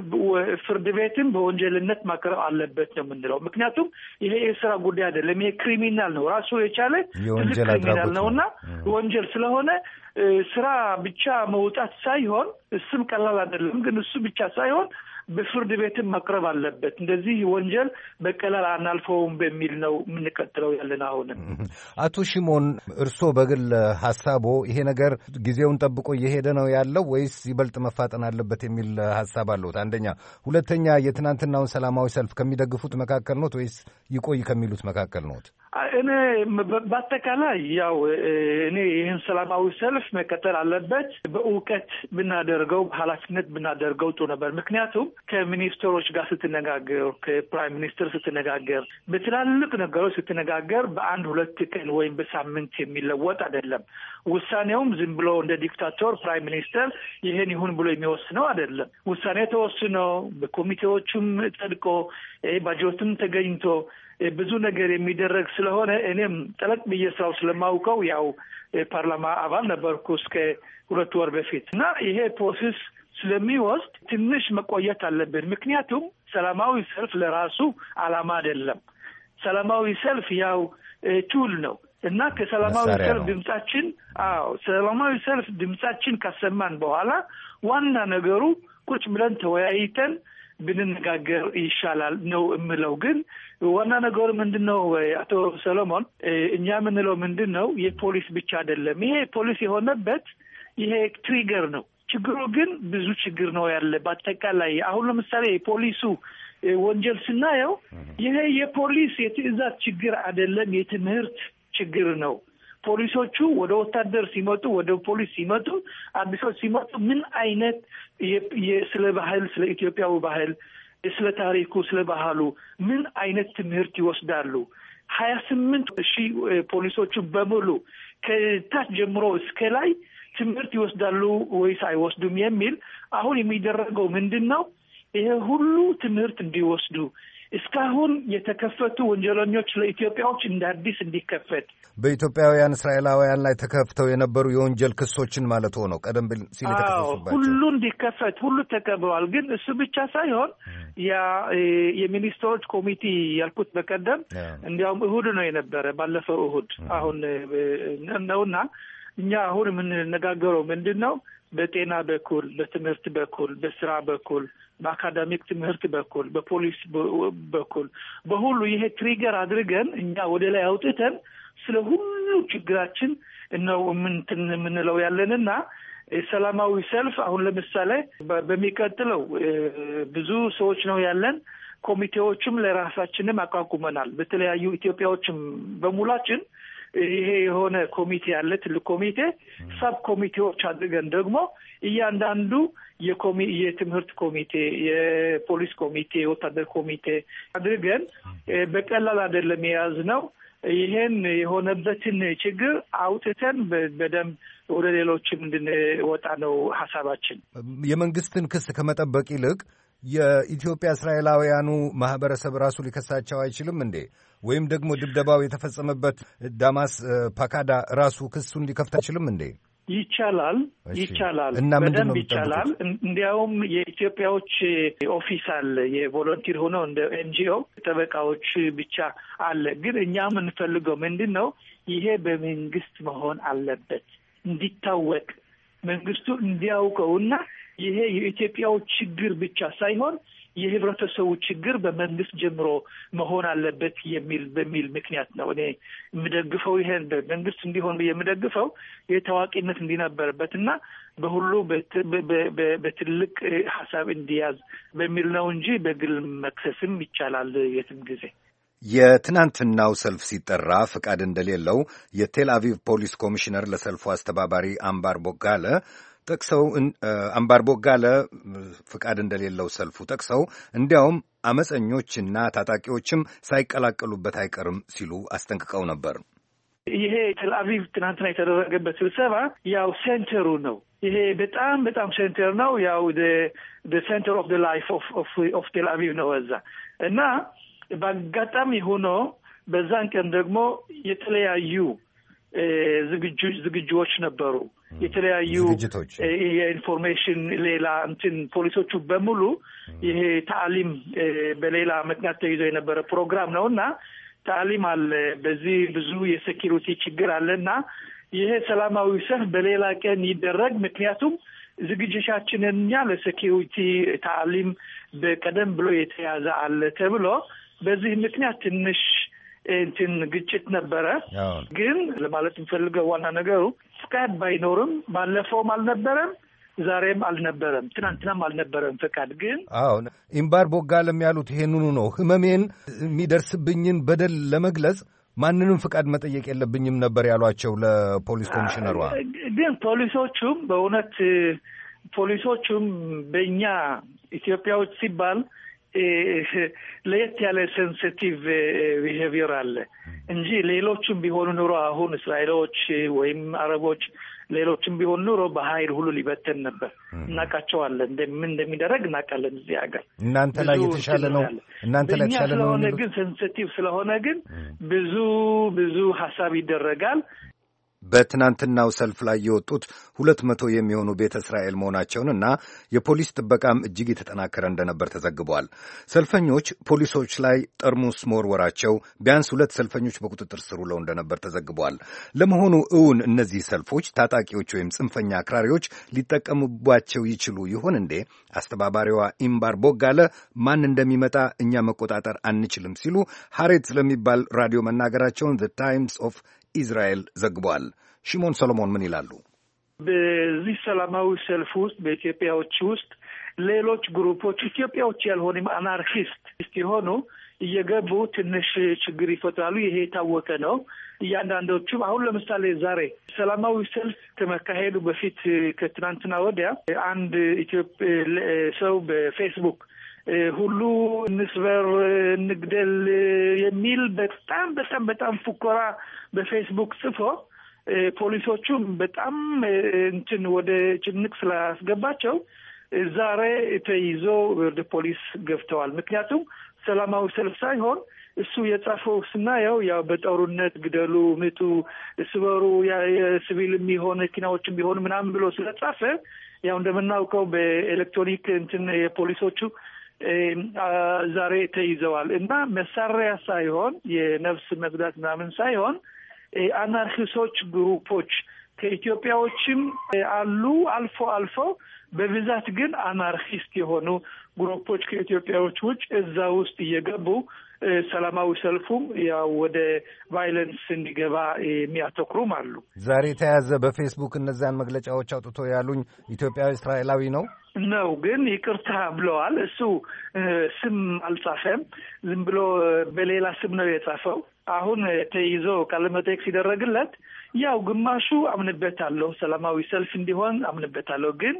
ፍርድ ቤትም በወንጀልነት ማቅረብ አለበት ነው የምንለው። ምክንያቱም ይሄ የስራ ጉዳይ አይደለም። ይሄ ክሪሚናል ነው ራሱ የቻለ ትልቅ ክሪሚናል ነው እና ወንጀል ስለሆነ ስራ ብቻ መውጣት ሳይሆን እሱም ቀላል አይደለም። ግን እሱ ብቻ ሳይሆን በፍርድ ቤትም መቅረብ አለበት። እንደዚህ ወንጀል በቀላል አናልፈውም በሚል ነው የምንቀጥለው ያለን። አሁንም
አቶ ሽሞን እርስዎ በግል ሀሳቦ ይሄ ነገር ጊዜውን ጠብቆ እየሄደ ነው ያለው ወይስ ይበልጥ መፋጠን አለበት የሚል ሀሳብ አለሁት? አንደኛ። ሁለተኛ የትናንትናውን ሰላማዊ ሰልፍ ከሚደግፉት መካከል ኖት ወይስ ይቆይ ከሚሉት መካከል ኖት?
እኔ በአጠቃላይ ያው እኔ ይህን ሰላማዊ ሰልፍ መቀጠል አለበት። በእውቀት ብናደርገው በኃላፊነት ብናደርገው ጥሩ ነበር። ምክንያቱም ከሚኒስትሮች ጋር ስትነጋገር፣ ከፕራይም ሚኒስትር ስትነጋገር፣ በትላልቅ ነገሮች ስትነጋገር በአንድ ሁለት ቀን ወይም በሳምንት የሚለወጥ አይደለም። ውሳኔውም ዝም ብሎ እንደ ዲክታቶር ፕራይም ሚኒስተር ይህን ይሁን ብሎ የሚወስነው አይደለም። ውሳኔ ተወስኖ በኮሚቴዎቹም ጸድቆ ባጀትም ተገኝቶ ብዙ ነገር የሚደረግ ስለሆነ እኔም ጠለቅ ብዬ ስራው ስለማውቀው ያው ፓርላማ አባል ነበርኩ እስከ ሁለት ወር በፊት እና ይሄ ፕሮሴስ ስለሚወስድ ትንሽ መቆየት አለብን። ምክንያቱም ሰላማዊ ሰልፍ ለራሱ አላማ አይደለም። ሰላማዊ ሰልፍ ያው ቱል ነው እና ከሰላማዊ ሰልፍ ድምጻችን አዎ ሰላማዊ ሰልፍ ድምጻችን ካሰማን በኋላ ዋና ነገሩ ቁጭ ብለን ተወያይተን ብንነጋገር ይሻላል ነው የምለው። ግን ዋና ነገሩ ምንድን ነው? አቶ ሰሎሞን እኛ የምንለው ምንድን ነው የፖሊስ ብቻ አይደለም። ይሄ ፖሊስ የሆነበት ይሄ ትሪገር ነው። ችግሩ ግን ብዙ ችግር ነው ያለ። በአጠቃላይ አሁን ለምሳሌ ፖሊሱ ወንጀል ስናየው ይሄ የፖሊስ የትዕዛዝ ችግር አይደለም፣ የትምህርት ችግር ነው። ፖሊሶቹ ወደ ወታደር ሲመጡ ወደ ፖሊስ ሲመጡ አዲሶች ሲመጡ ምን አይነት ስለ ባህል ስለ ኢትዮጵያዊ ባህል ስለ ታሪኩ፣ ስለ ባህሉ ምን አይነት ትምህርት ይወስዳሉ? ሀያ ስምንት ሺህ ፖሊሶቹ በሙሉ ከታች ጀምሮ እስከ ላይ ትምህርት ይወስዳሉ ወይስ አይወስዱም የሚል አሁን የሚደረገው ምንድን ነው? ይሄ ሁሉ ትምህርት እንዲወስዱ እስካሁን የተከፈቱ ወንጀለኞች ለኢትዮጵያዎች እንደ አዲስ እንዲከፈት
በኢትዮጵያውያን እስራኤላውያን ላይ ተከፍተው የነበሩ የወንጀል ክሶችን ማለት ሆነው ቀደም ሲል የተከሰሱባቸው ሁሉ
እንዲከፈት ሁሉ ተቀብለዋል። ግን እሱ ብቻ ሳይሆን ያ የሚኒስትሮች ኮሚቴ ያልኩት በቀደም እንዲያውም እሁድ ነው የነበረ ባለፈው እሁድ አሁን ነውና እኛ አሁን የምንነጋገረው ምንድን ነው በጤና በኩል በትምህርት በኩል በስራ በኩል በአካዳሚክ ትምህርት በኩል በፖሊስ በኩል በሁሉ ይሄ ትሪገር አድርገን እኛ ወደ ላይ አውጥተን ስለ ሁሉ ችግራችን ነው ምንትን የምንለው ያለንና ሰላማዊ ሰልፍ አሁን ለምሳሌ በሚቀጥለው ብዙ ሰዎች ነው ያለን። ኮሚቴዎችም ለራሳችንም አቋቁመናል። በተለያዩ ኢትዮጵያዎችም በሙላችን ይሄ የሆነ ኮሚቴ አለ፣ ትልቅ ኮሚቴ። ሰብ ኮሚቴዎች አድርገን ደግሞ እያንዳንዱ የትምህርት ኮሚቴ፣ የፖሊስ ኮሚቴ፣ የወታደር ኮሚቴ አድርገን በቀላል አይደለም የያዝነው። ይሄን የሆነበትን ችግር አውጥተን በደንብ ወደ ሌሎችም እንድንወጣ ነው ሀሳባችን።
የመንግስትን ክስ ከመጠበቅ ይልቅ የኢትዮጵያ እስራኤላውያኑ ማህበረሰብ ራሱ ሊከሳቸው አይችልም እንዴ? ወይም ደግሞ ድብደባው የተፈጸመበት ዳማስ ፓካዳ ራሱ ክሱን ሊከፍት አይችልም እንዴ?
ይቻላል፣ ይቻላል፣ በደንብ ይቻላል። እንዲያውም የኢትዮጵያዎች ኦፊስ አለ። የቮለንቲር ሆነው እንደ ኤንጂኦ ጠበቃዎች ብቻ አለ። ግን እኛ የምንፈልገው ምንድን ነው? ይሄ በመንግስት መሆን አለበት እንዲታወቅ መንግስቱ እንዲያውቀውና ይሄ የኢትዮጵያው ችግር ብቻ ሳይሆን የህብረተሰቡ ችግር በመንግስት ጀምሮ መሆን አለበት የሚል በሚል ምክንያት ነው እኔ የምደግፈው ይሄን በመንግስት እንዲሆን የምደግፈው ይህ ታዋቂነት እንዲነበርበት እና በሁሉ በትልቅ ሀሳብ እንዲያዝ በሚል ነው እንጂ በግል መክሰስም ይቻላል የትም ጊዜ።
የትናንትናው ሰልፍ ሲጠራ ፈቃድ እንደሌለው የቴል አቪቭ ፖሊስ ኮሚሽነር ለሰልፉ አስተባባሪ አምባር ቦጋለ ጠቅሰው አምባር ቦጋለ ፍቃድ እንደሌለው ሰልፉ ጠቅሰው እንዲያውም አመፀኞችና ታጣቂዎችም ሳይቀላቀሉበት አይቀርም ሲሉ አስጠንቅቀው ነበር። ይሄ ቴልአቪቭ
ትናንትና የተደረገበት ስብሰባ ያው ሴንተሩ ነው። ይሄ በጣም በጣም ሴንተር ነው። ያው ሴንተር ኦፍ ላይፍ ኦፍ ቴልአቪቭ ነው እዛ እና በአጋጣሚ ሆኖ በዛን ቀን ደግሞ የተለያዩ ዝግጅዎች ነበሩ የተለያዩ የኢንፎርሜሽን ሌላ እንትን ፖሊሶቹ በሙሉ ይሄ ታዕሊም በሌላ ምክንያት ተይዞ የነበረ ፕሮግራም ነው እና ታዕሊም አለ። በዚህ ብዙ የሴኪሪቲ ችግር አለ እና ይሄ ሰላማዊ ሰልፍ በሌላ ቀን ይደረግ። ምክንያቱም ዝግጅታችንን እኛ ለሴኪሪቲ ታዕሊም በቀደም ብሎ የተያዘ አለ ተብሎ በዚህ ምክንያት ትንሽ እንትን ግጭት ነበረ። ግን ለማለት የምፈልገው ዋና ነገሩ ፍቃድ ባይኖርም ባለፈውም አልነበረም፣ ዛሬም አልነበረም፣ ትናንትናም አልነበረም። ፍቃድ
ግን አሁን ኢምባር ቦጋለም ያሉት ይሄንኑ ነው። ህመሜን የሚደርስብኝን በደል ለመግለጽ ማንንም ፍቃድ መጠየቅ የለብኝም ነበር ያሏቸው ለፖሊስ ኮሚሽነሯ።
ግን ፖሊሶቹም በእውነት ፖሊሶቹም በእኛ ኢትዮጵያዎች ሲባል ለየት ያለ ሴንሲቲቭ ቢሄቪየር eh, አለ እንጂ ሌሎችም ቢሆኑ ኑሮ አሁን እስራኤሎች ወይም አረቦች ሌሎችም ቢሆን ኑሮ በሀይል ሁሉ ሊበተን ነበር። እናውቃቸዋለን፣ ምን እንደሚደረግ እናቃለን። እዚህ ሀገር
እናንተ ላይ የተሻለ ነው፣ እናንተ ላይ የተሻለ ነው።
ግን ሴንሲቲቭ ስለሆነ ግን ብዙ ብዙ ሀሳብ ይደረጋል።
በትናንትናው ሰልፍ ላይ የወጡት ሁለት መቶ የሚሆኑ ቤተ እስራኤል መሆናቸውንና የፖሊስ ጥበቃም እጅግ የተጠናከረ እንደነበር ተዘግቧል። ሰልፈኞች ፖሊሶች ላይ ጠርሙስ መወርወራቸው ቢያንስ ሁለት ሰልፈኞች በቁጥጥር ስር ውለው እንደነበር ተዘግቧል። ለመሆኑ እውን እነዚህ ሰልፎች ታጣቂዎች ወይም ጽንፈኛ አክራሪዎች ሊጠቀሙባቸው ይችሉ ይሆን እንዴ? አስተባባሪዋ ኢምባር ቦጋለ ማን እንደሚመጣ እኛ መቆጣጠር አንችልም ሲሉ ሀሬት ስለሚባል ራዲዮ መናገራቸውን ዘ ታይምስ ኦፍ ኢዝራኤል ዘግቧል። ሺሞን ሰሎሞን ምን ይላሉ?
በዚህ ሰላማዊ ሰልፍ ውስጥ በኢትዮጵያዎች ውስጥ ሌሎች ግሩፖች ኢትዮጵያዎች ያልሆንም አናርኪስት ሲሆኑ እየገቡ ትንሽ ችግር ይፈጥራሉ። ይሄ የታወቀ ነው። እያንዳንዶቹም አሁን ለምሳሌ ዛሬ ሰላማዊ ሰልፍ ከመካሄዱ በፊት ከትናንትና ወዲያ አንድ ሰው በፌስቡክ ሁሉ እንስበር፣ እንግደል የሚል በጣም በጣም በጣም ፉከራ በፌስቡክ ጽፎ ፖሊሶቹም በጣም እንትን ወደ ጭንቅ ስላስገባቸው ዛሬ ተይዞ ወደ ፖሊስ ገብተዋል። ምክንያቱም ሰላማዊ ሰልፍ ሳይሆን እሱ የጻፈው ስናየው ያው በጦርነት ግደሉ፣ ምቱ፣ ስበሩ የሲቪል የሚሆን መኪናዎች የሚሆን ምናምን ብሎ ስለጻፈ ያው እንደምናውቀው በኤሌክትሮኒክ እንትን የፖሊሶቹ ዛሬ ተይዘዋል እና መሳሪያ ሳይሆን የነፍስ መግዳት ምናምን ሳይሆን አናርኪሶች ግሩፖች ከኢትዮጵያዎችም አሉ አልፎ አልፎ በብዛት ግን አናርኪስት የሆኑ ግሩፖች ከኢትዮጵያዎች ውጭ እዛ ውስጥ እየገቡ ሰላማዊ ሰልፉም ያው ወደ ቫይለንስ እንዲገባ የሚያተኩሩም አሉ።
ዛሬ የተያዘ በፌስቡክ እነዚያን መግለጫዎች አውጥቶ ያሉኝ ኢትዮጵያዊ እስራኤላዊ ነው
ነው ግን ይቅርታ ብለዋል። እሱ ስም አልጻፈም። ዝም ብሎ በሌላ ስም ነው የጻፈው። አሁን ተይዞ ቃለ ሲደረግለት ያው ግማሹ አምንበታለሁ፣ ሰላማዊ ሰልፍ እንዲሆን አምንበታለሁ። ግን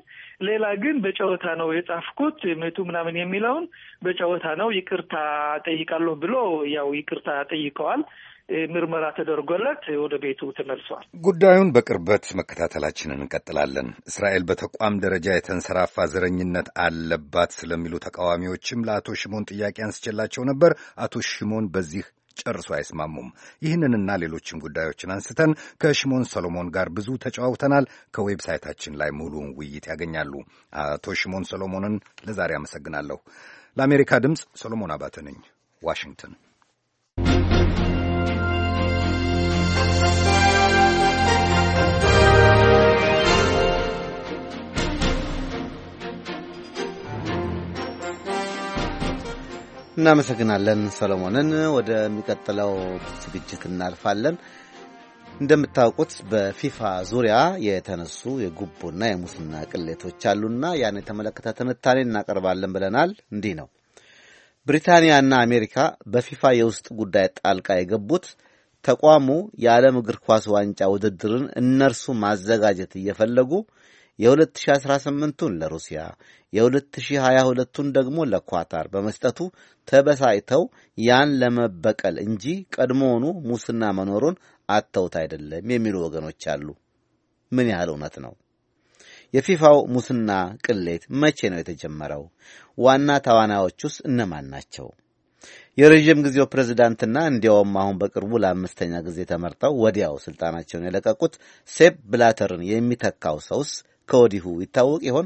ሌላ ግን በጨዋታ ነው የጻፍኩት ምቱ ምናምን የሚለውን በጨዋታ ነው ይቅርታ ጠይቃለሁ ብሎ ያው ይቅርታ ጠይቀዋል። ምርመራ ተደርጎለት ወደ ቤቱ ተመልሷል።
ጉዳዩን በቅርበት መከታተላችንን እንቀጥላለን። እስራኤል በተቋም ደረጃ የተንሰራፋ ዘረኝነት አለባት ስለሚሉ ተቃዋሚዎችም ለአቶ ሽሞን ጥያቄ አንስቼላቸው ነበር። አቶ ሽሞን በዚህ ጨርሶ አይስማሙም። ይህንንና ሌሎችም ጉዳዮችን አንስተን ከሽሞን ሰሎሞን ጋር ብዙ ተጨዋውተናል። ከዌብሳይታችን ላይ ሙሉውን ውይይት ያገኛሉ። አቶ ሽሞን ሰሎሞንን ለዛሬ አመሰግናለሁ። ለአሜሪካ ድምፅ ሰሎሞን አባተ ነኝ ዋሽንግተን
እናመሰግናለን ሰለሞንን። ወደሚቀጥለው ዝግጅት እናልፋለን። እንደምታውቁት በፊፋ ዙሪያ የተነሱ የጉቦና የሙስና ቅሌቶች አሉና ያን የተመለከተ ትንታኔ እናቀርባለን ብለናል። እንዲህ ነው። ብሪታንያና አሜሪካ በፊፋ የውስጥ ጉዳይ ጣልቃ የገቡት ተቋሙ የዓለም እግር ኳስ ዋንጫ ውድድርን እነርሱ ማዘጋጀት እየፈለጉ የ2018ቱን ለሩሲያ የ2022ቱን ደግሞ ለኳታር በመስጠቱ ተበሳጭተው ያን ለመበቀል እንጂ ቀድሞውኑ ሙስና መኖሩን አተውት አይደለም የሚሉ ወገኖች አሉ። ምን ያህል እውነት ነው? የፊፋው ሙስና ቅሌት መቼ ነው የተጀመረው? ዋና ተዋናዮቹስ እነማን ናቸው? የረዥም ጊዜው ፕሬዝዳንትና እንዲያውም አሁን በቅርቡ ለአምስተኛ ጊዜ ተመርጠው ወዲያው ስልጣናቸውን የለቀቁት ሴፕ ብላተርን የሚተካው ሰውስ ከወዲሁ ይታወቅ ይሆን?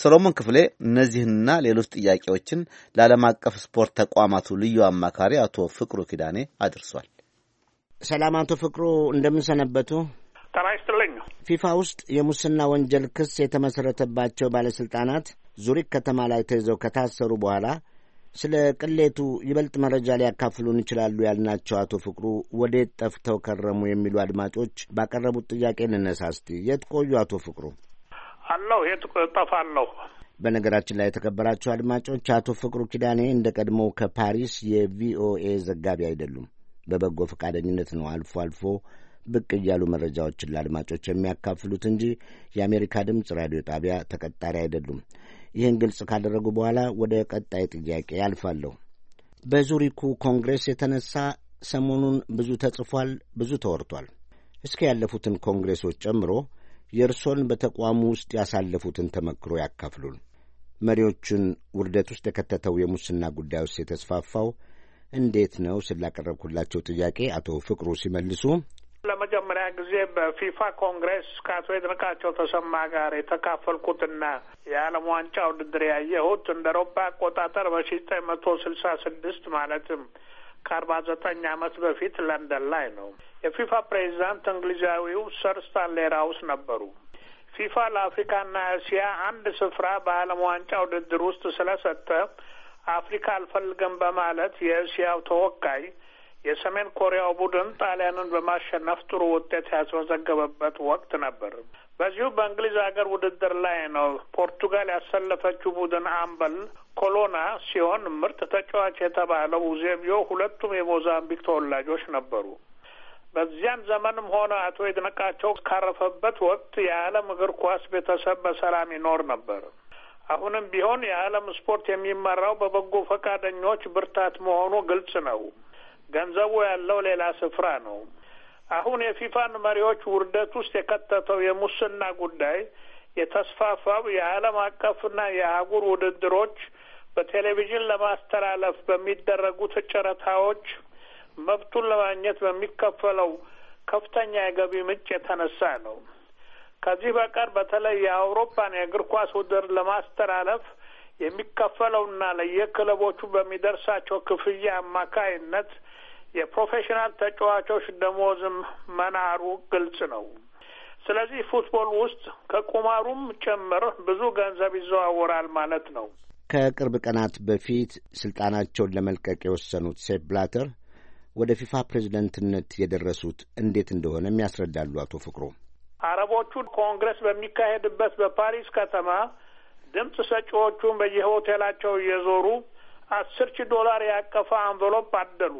ሰሎሞን ክፍሌ እነዚህንና ሌሎች ጥያቄዎችን ለዓለም አቀፍ ስፖርት ተቋማቱ ልዩ አማካሪ አቶ ፍቅሩ ኪዳኔ አድርሷል።
ሰላም አቶ ፍቅሩ እንደምንሰነበቱ። ጤና ይስጥልኝ። ፊፋ ውስጥ የሙስና ወንጀል ክስ የተመሠረተባቸው ባለሥልጣናት ዙሪክ ከተማ ላይ ተይዘው ከታሰሩ በኋላ ስለ ቅሌቱ ይበልጥ መረጃ ሊያካፍሉን ይችላሉ ያልናቸው አቶ ፍቅሩ ወዴት ጠፍተው ከረሙ የሚሉ አድማጮች ባቀረቡት ጥያቄ እንነሳ። እስቲ የት ቆዩ አቶ ፍቅሩ?
አለሁ የት ጠፋለሁ።
በነገራችን ላይ የተከበራችሁ አድማጮች፣ አቶ ፍቅሩ ኪዳኔ እንደ ቀድሞው ከፓሪስ የቪኦኤ ዘጋቢ አይደሉም። በበጎ ፈቃደኝነት ነው አልፎ አልፎ ብቅ እያሉ መረጃዎችን ለአድማጮች የሚያካፍሉት እንጂ የአሜሪካ ድምፅ ራዲዮ ጣቢያ ተቀጣሪ አይደሉም። ይህን ግልጽ ካደረጉ በኋላ ወደ ቀጣይ ጥያቄ ያልፋለሁ። በዙሪኩ ኮንግሬስ የተነሳ ሰሞኑን ብዙ ተጽፏል፣ ብዙ ተወርቷል። እስከ ያለፉትን ኮንግሬሶች ጨምሮ የእርሶን በተቋሙ ውስጥ ያሳለፉትን ተመክሮ ያካፍሉን። መሪዎቹን ውርደት ውስጥ የከተተው የሙስና ጉዳይ ውስጥ የተስፋፋው እንዴት ነው? ስላቀረብኩላቸው ጥያቄ አቶ ፍቅሩ ሲመልሱ
ለመጀመሪያ ጊዜ በፊፋ ኮንግሬስ ከአቶ ይድነቃቸው ተሰማ ጋር የተካፈልኩትና የዓለም ዋንጫ ውድድር ያየሁት እንደ አውሮፓ አቆጣጠር በሺ ዘጠኝ መቶ ስልሳ ስድስት ማለትም ከአርባ ዘጠኝ ዓመት በፊት ለንደን ላይ ነው። የፊፋ ፕሬዚዳንት እንግሊዛዊው ሰር ስታንሌ ራውስ ነበሩ። ፊፋ ለአፍሪካና እስያ አንድ ስፍራ በዓለም ዋንጫ ውድድር ውስጥ ስለሰጠ አፍሪካ አልፈልገም በማለት የእስያው ተወካይ የሰሜን ኮሪያው ቡድን ጣሊያንን በማሸነፍ ጥሩ ውጤት ያስመዘገበበት ወቅት ነበር። በዚሁ በእንግሊዝ ሀገር ውድድር ላይ ነው ፖርቱጋል ያሰለፈችው ቡድን አምበል ኮሎና ሲሆን ምርጥ ተጫዋች የተባለው ኡዜቢዮ ሁለቱም የሞዛምቢክ ተወላጆች ነበሩ። በዚያም ዘመንም ሆነ አቶ ይድነቃቸው ካረፈበት ወቅት የዓለም እግር ኳስ ቤተሰብ በሰላም ይኖር ነበር። አሁንም ቢሆን የዓለም ስፖርት የሚመራው በበጎ ፈቃደኞች ብርታት መሆኑ ግልጽ ነው። ገንዘቡ ያለው ሌላ ስፍራ ነው። አሁን የፊፋን መሪዎች ውርደት ውስጥ የከተተው የሙስና ጉዳይ የተስፋፋው የዓለም አቀፍና የአህጉር ውድድሮች በቴሌቪዥን ለማስተላለፍ በሚደረጉት ጨረታዎች መብቱን ለማግኘት በሚከፈለው ከፍተኛ የገቢ ምንጭ የተነሳ ነው። ከዚህ በቀር በተለይ የአውሮፓን የእግር ኳስ ውድድር ለማስተላለፍ የሚከፈለውና ለየክለቦቹ በሚደርሳቸው ክፍያ አማካይነት የፕሮፌሽናል ተጫዋቾች ደሞዝም መናሩ ግልጽ ነው። ስለዚህ ፉትቦል ውስጥ ከቁማሩም ጭምር ብዙ ገንዘብ ይዘዋወራል ማለት ነው።
ከቅርብ ቀናት በፊት ስልጣናቸውን ለመልቀቅ የወሰኑት ሴፕ ብላተር ወደ ፊፋ ፕሬዝደንትነት የደረሱት እንዴት እንደሆነም ያስረዳሉ አቶ ፍቅሩ።
አረቦቹ ኮንግረስ በሚካሄድበት በፓሪስ ከተማ ድምፅ ሰጪዎቹን በየሆቴላቸው እየዞሩ አስር ሺ ዶላር ያቀፈ አንቨሎፕ አደሉ።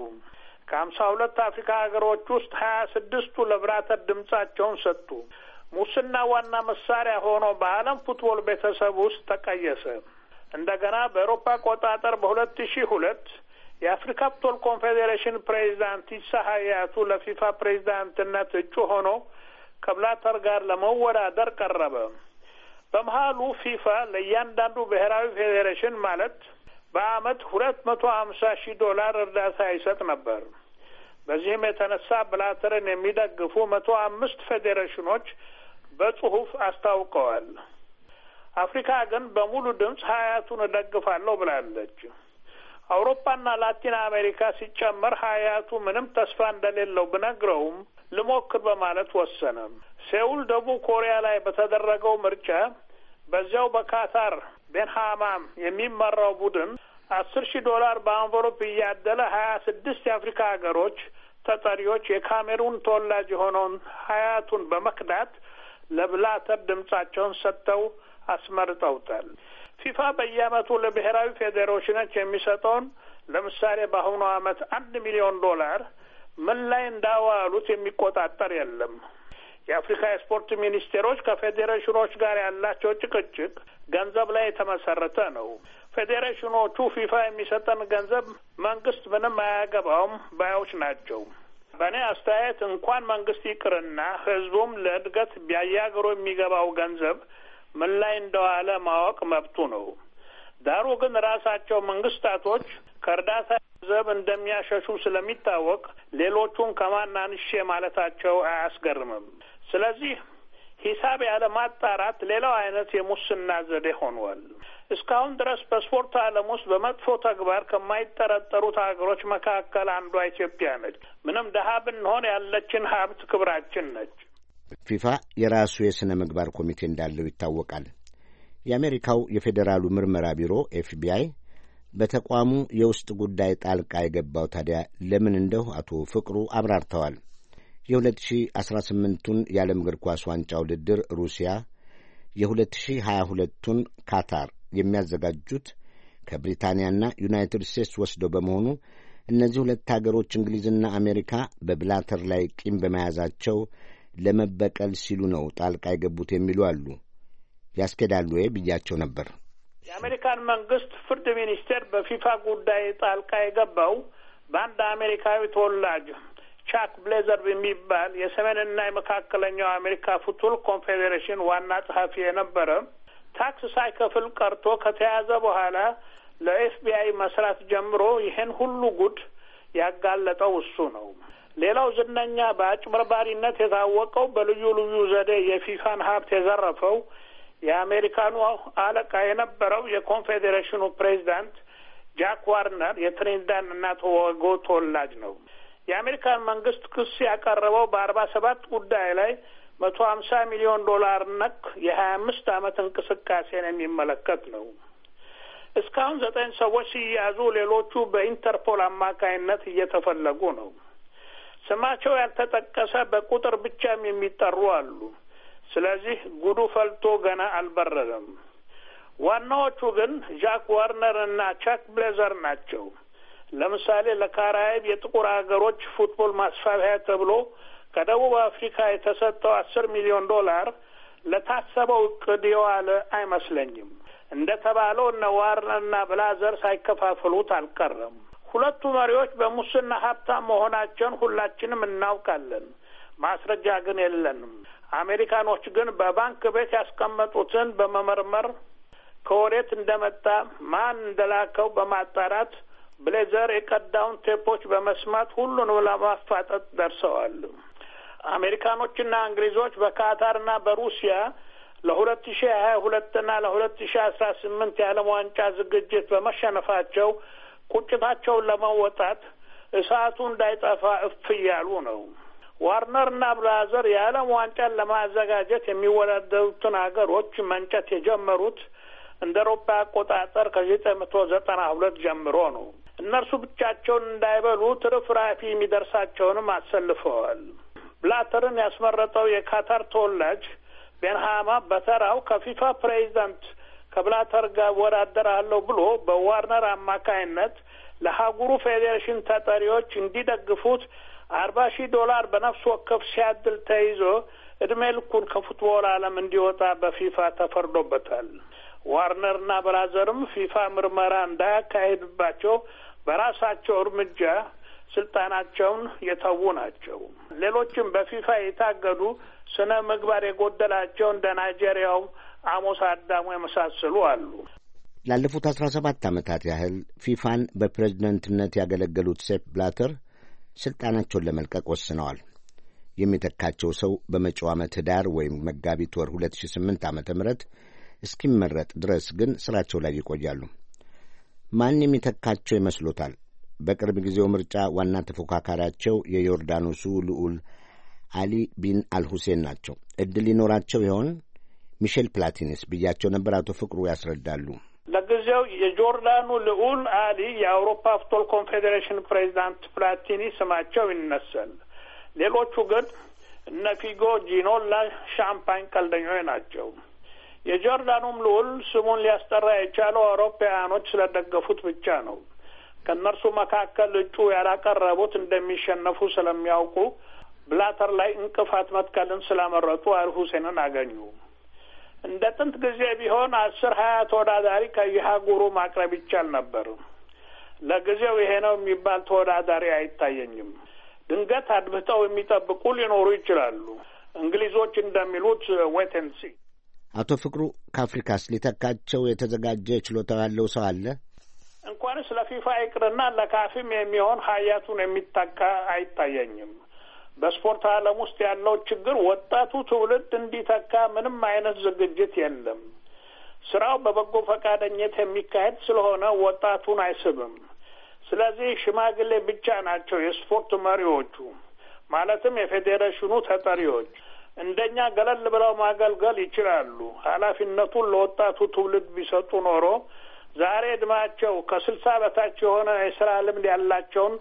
ከሀምሳ ሁለት አፍሪካ ሀገሮች ውስጥ ሀያ ስድስቱ ለብራተር ድምጻቸውን ሰጡ። ሙስና ዋና መሳሪያ ሆኖ በዓለም ፉትቦል ቤተሰብ ውስጥ ተቀየሰ። እንደገና በአውሮፓ አቆጣጠር በሁለት ሺ ሁለት የአፍሪካ ፉትቦል ኮንፌዴሬሽን ፕሬዚዳንት ኢሳ ሀያቱ ለፊፋ ፕሬዚዳንትነት እጩ ሆኖ ከብላተር ጋር ለመወዳደር ቀረበ። በመሀሉ ፊፋ ለእያንዳንዱ ብሔራዊ ፌዴሬሽን ማለት በአመት ሁለት መቶ ሀምሳ ሺህ ዶላር እርዳታ ይሰጥ ነበር። በዚህም የተነሳ ብላተርን የሚደግፉ መቶ አምስት ፌዴሬሽኖች በጽሁፍ አስታውቀዋል። አፍሪካ ግን በሙሉ ድምፅ ሀያቱን እደግፋለሁ ብላለች። አውሮፓና ላቲን አሜሪካ ሲጨመር ሀያቱ ምንም ተስፋ እንደሌለው ብነግረውም ልሞክር በማለት ወሰነ። ሴውል ደቡብ ኮሪያ ላይ በተደረገው ምርጫ በዚያው በካታር ቤን ሀማም የሚመራው ቡድን አስር ሺህ ዶላር በአንቨሎፕ እያደለ ሀያ ስድስት የአፍሪካ ሀገሮች ተጠሪዎች የካሜሩን ተወላጅ የሆነውን ሀያቱን በመክዳት ለብላተር ድምጻቸውን ሰጥተው አስመርጠውታል። ፊፋ በየአመቱ ለብሔራዊ ፌዴሬሽኖች የሚሰጠውን ለምሳሌ በአሁኑ አመት አንድ ሚሊዮን ዶላር ምን ላይ እንዳዋሉት የሚቆጣጠር የለም። የአፍሪካ የስፖርት ሚኒስቴሮች ከፌዴሬሽኖች ጋር ያላቸው ጭቅጭቅ ገንዘብ ላይ የተመሰረተ ነው። ፌዴሬሽኖቹ ፊፋ የሚሰጠን ገንዘብ መንግስት ምንም አያገባውም ባዮች ናቸው። በእኔ አስተያየት እንኳን መንግስት ይቅርና ህዝቡም ለእድገት ቢያያገሩ የሚገባው ገንዘብ ምን ላይ እንደዋለ ማወቅ መብቱ ነው። ዳሩ ግን ራሳቸው መንግስታቶች ከእርዳታ ገንዘብ እንደሚያሸሹ ስለሚታወቅ ሌሎቹን ከማናንሼ ማለታቸው አያስገርምም። ስለዚህ ሂሳብ ያለ ማጣራት ሌላው አይነት የሙስና ዘዴ ሆኗል። እስካሁን ድረስ በስፖርት ዓለም ውስጥ በመጥፎ ተግባር ከማይጠረጠሩት ሀገሮች መካከል አንዷ ኢትዮጵያ ነች። ምንም ደሀ ብንሆን ያለችን ሀብት ክብራችን ነች።
ፊፋ የራሱ የሥነ ምግባር ኮሚቴ እንዳለው ይታወቃል። የአሜሪካው የፌዴራሉ ምርመራ ቢሮ ኤፍቢአይ በተቋሙ የውስጥ ጉዳይ ጣልቃ የገባው ታዲያ ለምን እንደሁ አቶ ፍቅሩ አብራርተዋል። የ2018ቱን የዓለም እግር ኳስ ዋንጫ ውድድር ሩሲያ፣ የ2022ቱን ካታር የሚያዘጋጁት ከብሪታንያና ዩናይትድ ስቴትስ ወስደው በመሆኑ እነዚህ ሁለት አገሮች እንግሊዝና አሜሪካ በብላተር ላይ ቂም በመያዛቸው ለመበቀል ሲሉ ነው ጣልቃ የገቡት የሚሉ አሉ። ያስኬዳሉ ወይ ብያቸው ነበር።
የአሜሪካን መንግስት ፍርድ ሚኒስቴር በፊፋ ጉዳይ ጣልቃ የገባው በአንድ አሜሪካዊ ተወላጅ ቻክ ብሌዘር የሚባል የሰሜንና የመካከለኛው አሜሪካ ፉትቦል ኮንፌዴሬሽን ዋና ጸሐፊ የነበረ ታክስ ሳይከፍል ቀርቶ ከተያዘ በኋላ ለኤፍቢአይ መስራት ጀምሮ ይህን ሁሉ ጉድ ያጋለጠው እሱ ነው። ሌላው ዝነኛ በአጭበርባሪነት የታወቀው በልዩ ልዩ ዘዴ የፊፋን ሀብት የዘረፈው የአሜሪካኑ አለቃ የነበረው የኮንፌዴሬሽኑ ፕሬዚዳንት ጃክ ዋርነር የትሪንዳድ እና ቶባጎ ተወላጅ ነው። የአሜሪካን መንግስት ክስ ያቀረበው በአርባ ሰባት ጉዳይ ላይ መቶ ሀምሳ ሚሊዮን ዶላር ነክ የሀያ አምስት አመት እንቅስቃሴን የሚመለከት ነው። እስካሁን ዘጠኝ ሰዎች ሲያዙ ሌሎቹ በኢንተርፖል አማካይነት እየተፈለጉ ነው። ስማቸው ያልተጠቀሰ በቁጥር ብቻም የሚጠሩ አሉ። ስለዚህ ጉዱ ፈልቶ ገና አልበረደም። ዋናዎቹ ግን ጃክ ዋርነር እና ቻክ ብሌዘር ናቸው። ለምሳሌ ለካራይብ የጥቁር ሀገሮች ፉትቦል ማስፋፊያ ተብሎ ከደቡብ አፍሪካ የተሰጠው አስር ሚሊዮን ዶላር ለታሰበው እቅድ የዋለ አይመስለኝም። እንደ ተባለው እነ ዋርነርና ብላዘር ሳይከፋፍሉት አልቀረም። ሁለቱ መሪዎች በሙስና ሀብታም መሆናቸውን ሁላችንም እናውቃለን። ማስረጃ ግን የለንም። አሜሪካኖች ግን በባንክ ቤት ያስቀመጡትን በመመርመር ከወዴት እንደመጣ ማን እንደላከው በማጣራት ብሌዘር የቀዳውን ቴፖች በመስማት ሁሉንም ለማፋጠጥ ደርሰዋል። አሜሪካኖችና እንግሊዞች በካታርና በሩሲያ ለሁለት ሺ ሀያ ሁለትና ለሁለት ሺ አስራ ስምንት የዓለም ዋንጫ ዝግጅት በመሸነፋቸው ቁጭታቸውን ለመወጣት እሳቱ እንዳይጠፋ እፍ እያሉ ነው። ዋርነርና ብራዘር የዓለም ዋንጫን ለማዘጋጀት የሚወዳደሩትን ሀገሮች መንጨት የጀመሩት እንደ አውሮፓ አቆጣጠር ከዘጠኝ መቶ ዘጠና ሁለት ጀምሮ ነው። እነርሱ ብቻቸውን እንዳይበሉ ትርፍራፊ የሚደርሳቸውንም አሰልፈዋል። ብላተርን ያስመረጠው የካታር ተወላጅ ቤንሃማ በተራው ከፊፋ ፕሬዚዳንት ከብላተር ጋር ወዳደራለሁ ብሎ በዋርነር አማካይነት ለሀጉሩ ፌዴሬሽን ተጠሪዎች እንዲደግፉት አርባ ሺህ ዶላር በነፍስ ወከፍ ሲያድል ተይዞ እድሜ ልኩን ከፉትቦል ዓለም እንዲወጣ በፊፋ ተፈርዶበታል። ዋርነርና ብራዘርም ፊፋ ምርመራ እንዳያካሄድባቸው በራሳቸው እርምጃ ስልጣናቸውን የተዉ ናቸው። ሌሎችም በፊፋ የታገዱ ስነ ምግባር የጎደላቸው እንደ ናይጄሪያው አሞስ አዳሙ የመሳሰሉ አሉ።
ላለፉት አስራ ሰባት ዓመታት ያህል ፊፋን በፕሬዝደንትነት ያገለገሉት ሴፕ ብላተር ስልጣናቸውን ለመልቀቅ ወስነዋል። የሚተካቸው ሰው በመጪው ዓመት ህዳር ወይም መጋቢት ወር 2008 ዓ ም እስኪመረጥ ድረስ ግን ስራቸው ላይ ይቆያሉ። ማን የሚተካቸው ይመስሎታል? በቅርብ ጊዜው ምርጫ ዋና ተፎካካሪያቸው የዮርዳኖሱ ልዑል አሊ ቢን አልሁሴን ናቸው። ዕድል ሊኖራቸው ይሆን? ሚሼል ፕላቲኒስ ብያቸው ነበር። አቶ ፍቅሩ ያስረዳሉ።
ለጊዜው የጆርዳኑ ልዑል አሊ የአውሮፓ ፉትቦል ኮንፌዴሬሽን ፕሬዚዳንት ፕላቲኒ ስማቸው ይነሳል። ሌሎቹ ግን እነ ፊጎ፣ ጂኖላ፣ ሻምፓኝ ቀልደኞች ናቸው። የጆርዳኑም ልዑል ስሙን ሊያስጠራ የቻለው አውሮፓውያኖች ስለደገፉት ብቻ ነው። ከእነርሱ መካከል እጩ ያላቀረቡት እንደሚሸነፉ ስለሚያውቁ ብላተር ላይ እንቅፋት መትከልን ስለመረጡ አልሁሴንን አገኙ። እንደ ጥንት ጊዜ ቢሆን አስር ሀያ ተወዳዳሪ ከየሀገሩ ማቅረብ ይቻል ነበር። ለጊዜው ይሄ ነው የሚባል ተወዳዳሪ አይታየኝም። ድንገት አድብተው የሚጠብቁ ሊኖሩ ይችላሉ። እንግሊዞች እንደሚሉት ዌትንሲ።
አቶ ፍቅሩ ከአፍሪካስ ሊተካቸው የተዘጋጀ ችሎታው ያለው ሰው አለ?
እንኳንስ ለፊፋ ይቅርና ለካፊም የሚሆን ሀያቱን የሚተካ አይታየኝም። በስፖርት ዓለም ውስጥ ያለው ችግር ወጣቱ ትውልድ እንዲተካ ምንም አይነት ዝግጅት የለም። ስራው በበጎ ፈቃደኝነት የሚካሄድ ስለሆነ ወጣቱን አይስብም። ስለዚህ ሽማግሌ ብቻ ናቸው የስፖርት መሪዎቹ፣ ማለትም የፌዴሬሽኑ ተጠሪዎች። እንደኛ ገለል ብለው ማገልገል ይችላሉ። ኃላፊነቱን ለወጣቱ ትውልድ ቢሰጡ ኖሮ ዛሬ ዕድማቸው ከስልሳ በታች የሆነ የስራ ልምድ ያላቸውን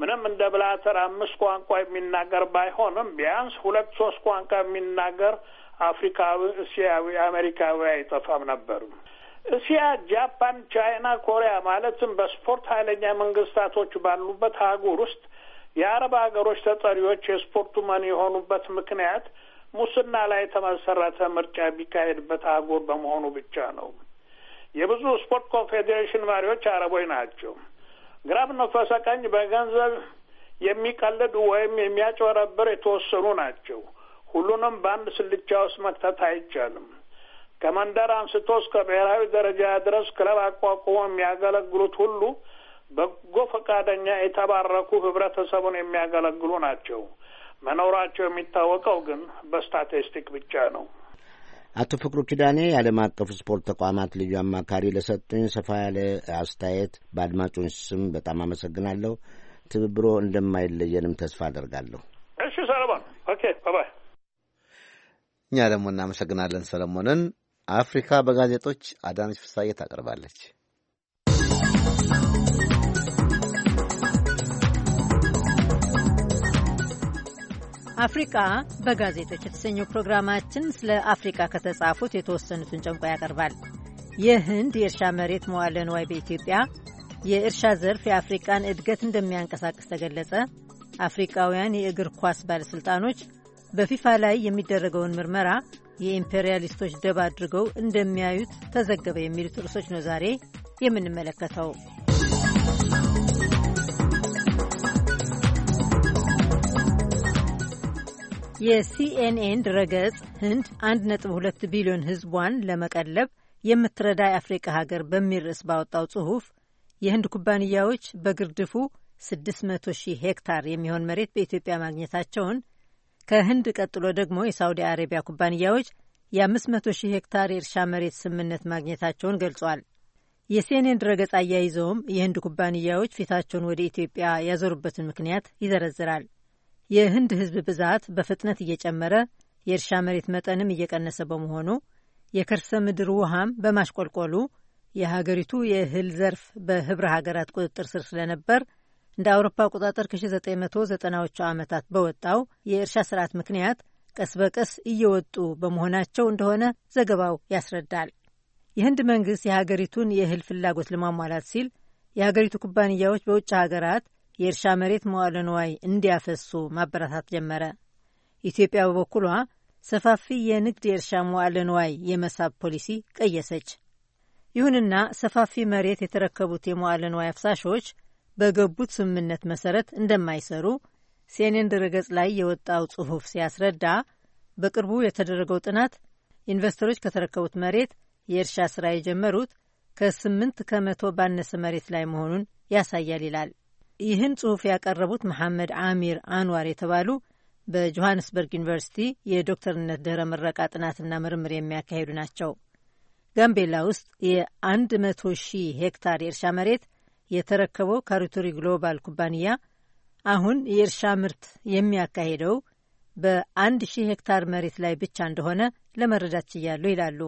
ምንም እንደ ብላተር አምስት ቋንቋ የሚናገር ባይሆንም ቢያንስ ሁለት ሶስት ቋንቋ የሚናገር አፍሪካዊ፣ እስያዊ፣ አሜሪካዊ አይጠፋም ነበር። እስያ፣ ጃፓን፣ ቻይና፣ ኮሪያ ማለትም በስፖርት ኃይለኛ መንግስታቶች ባሉበት አህጉር ውስጥ የአረብ ሀገሮች ተጠሪዎች የስፖርቱ መን የሆኑበት ምክንያት ሙስና ላይ የተመሰረተ ምርጫ ቢካሄድበት አህጉር በመሆኑ ብቻ ነው። የብዙ ስፖርት ኮንፌዴሬሽን መሪዎች አረቦች ናቸው። ግራም ነፈሰ ቀኝ በገንዘብ የሚቀልድ ወይም የሚያጭበረብር የተወሰኑ ናቸው። ሁሉንም በአንድ ስልቻ ውስጥ መክተት አይቻልም። ከመንደር አንስቶ እስከ ብሔራዊ ደረጃ ድረስ ክለብ አቋቁሞ የሚያገለግሉት ሁሉ በጎ ፈቃደኛ የተባረኩ ህብረተሰቡን የሚያገለግሉ ናቸው። መኖራቸው የሚታወቀው ግን በስታቲስቲክ ብቻ ነው።
አቶ ፍቅሩ ኪዳኔ የዓለም አቀፍ ስፖርት ተቋማት ልዩ አማካሪ ለሰጡኝ ሰፋ ያለ አስተያየት በአድማጮች ስም በጣም አመሰግናለሁ። ትብብሮ እንደማይለየንም ተስፋ አደርጋለሁ።
እሺ ሰለሞን፣ ኦኬ ባባይ።
እኛ ደግሞ እናመሰግናለን ሰለሞንን። አፍሪካ በጋዜጦች አዳነች ፍሳዬ ታቀርባለች።
አፍሪቃ በጋዜጦች የተሰኘው ፕሮግራማችን ስለ አፍሪቃ ከተጻፉት የተወሰኑትን ጨምቆ ያቀርባል። የህንድ የእርሻ መሬት መዋለ ንዋይ በኢትዮጵያ፣ የእርሻ ዘርፍ የአፍሪቃን እድገት እንደሚያንቀሳቅስ ተገለጸ፣ አፍሪቃውያን የእግር ኳስ ባለሥልጣኖች በፊፋ ላይ የሚደረገውን ምርመራ የኢምፔሪያሊስቶች ደባ አድርገው እንደሚያዩት ተዘገበ የሚሉት ርዕሶች ነው ዛሬ የምንመለከተው። የሲኤንኤን ድረገጽ ህንድ 1.2 ቢሊዮን ህዝቧን ለመቀለብ የምትረዳ የአፍሪካ ሀገር በሚል ርዕስ ባወጣው ጽሑፍ የህንድ ኩባንያዎች በግርድፉ 600 ሺህ ሄክታር የሚሆን መሬት በኢትዮጵያ ማግኘታቸውን ከህንድ ቀጥሎ ደግሞ የሳውዲ አረቢያ ኩባንያዎች የ500 ሺህ ሄክታር የእርሻ መሬት ስምምነት ማግኘታቸውን ገልጿል። የሲኤንኤን ድረገጽ አያይዘውም የህንድ ኩባንያዎች ፊታቸውን ወደ ኢትዮጵያ ያዞሩበትን ምክንያት ይዘረዝራል። የህንድ ህዝብ ብዛት በፍጥነት እየጨመረ የእርሻ መሬት መጠንም እየቀነሰ በመሆኑ የከርሰ ምድር ውሃም በማሽቆልቆሉ የሀገሪቱ የእህል ዘርፍ በህብረ ሀገራት ቁጥጥር ስር ስለነበር እንደ አውሮፓ አቆጣጠር ከ1990ዎቹ ዓመታት በወጣው የእርሻ ስርዓት ምክንያት ቀስ በቀስ እየወጡ በመሆናቸው እንደሆነ ዘገባው ያስረዳል። የህንድ መንግስት የሀገሪቱን የእህል ፍላጎት ለማሟላት ሲል የሀገሪቱ ኩባንያዎች በውጭ ሀገራት የእርሻ መሬት መዋለ ንዋይ እንዲያፈሱ ማበረታት ጀመረ። ኢትዮጵያ በበኩሏ ሰፋፊ የንግድ የእርሻ መዋለ ንዋይ የመሳብ ፖሊሲ ቀየሰች። ይሁንና ሰፋፊ መሬት የተረከቡት የመዋለ ንዋይ አፍሳሾች በገቡት ስምምነት መሰረት እንደማይሰሩ ሲኤንኤን ድረገጽ ላይ የወጣው ጽሑፍ ሲያስረዳ በቅርቡ የተደረገው ጥናት ኢንቨስተሮች ከተረከቡት መሬት የእርሻ ስራ የጀመሩት ከስምንት ከመቶ ባነሰ መሬት ላይ መሆኑን ያሳያል ይላል። ይህን ጽሑፍ ያቀረቡት መሐመድ አሚር አንዋር የተባሉ በጆሃንስበርግ ዩኒቨርሲቲ የዶክተርነት ድኅረ ምረቃ ጥናትና ምርምር የሚያካሂዱ ናቸው። ጋምቤላ ውስጥ የ 0 ሺህ ሄክታር የእርሻ መሬት የተረከበው ካሪቱሪ ግሎባል ኩባንያ አሁን የእርሻ ምርት የሚያካሂደው በአንድ ሺህ ሄክታር መሬት ላይ ብቻ እንደሆነ ለመረዳት ችያለሁ ይላሉ።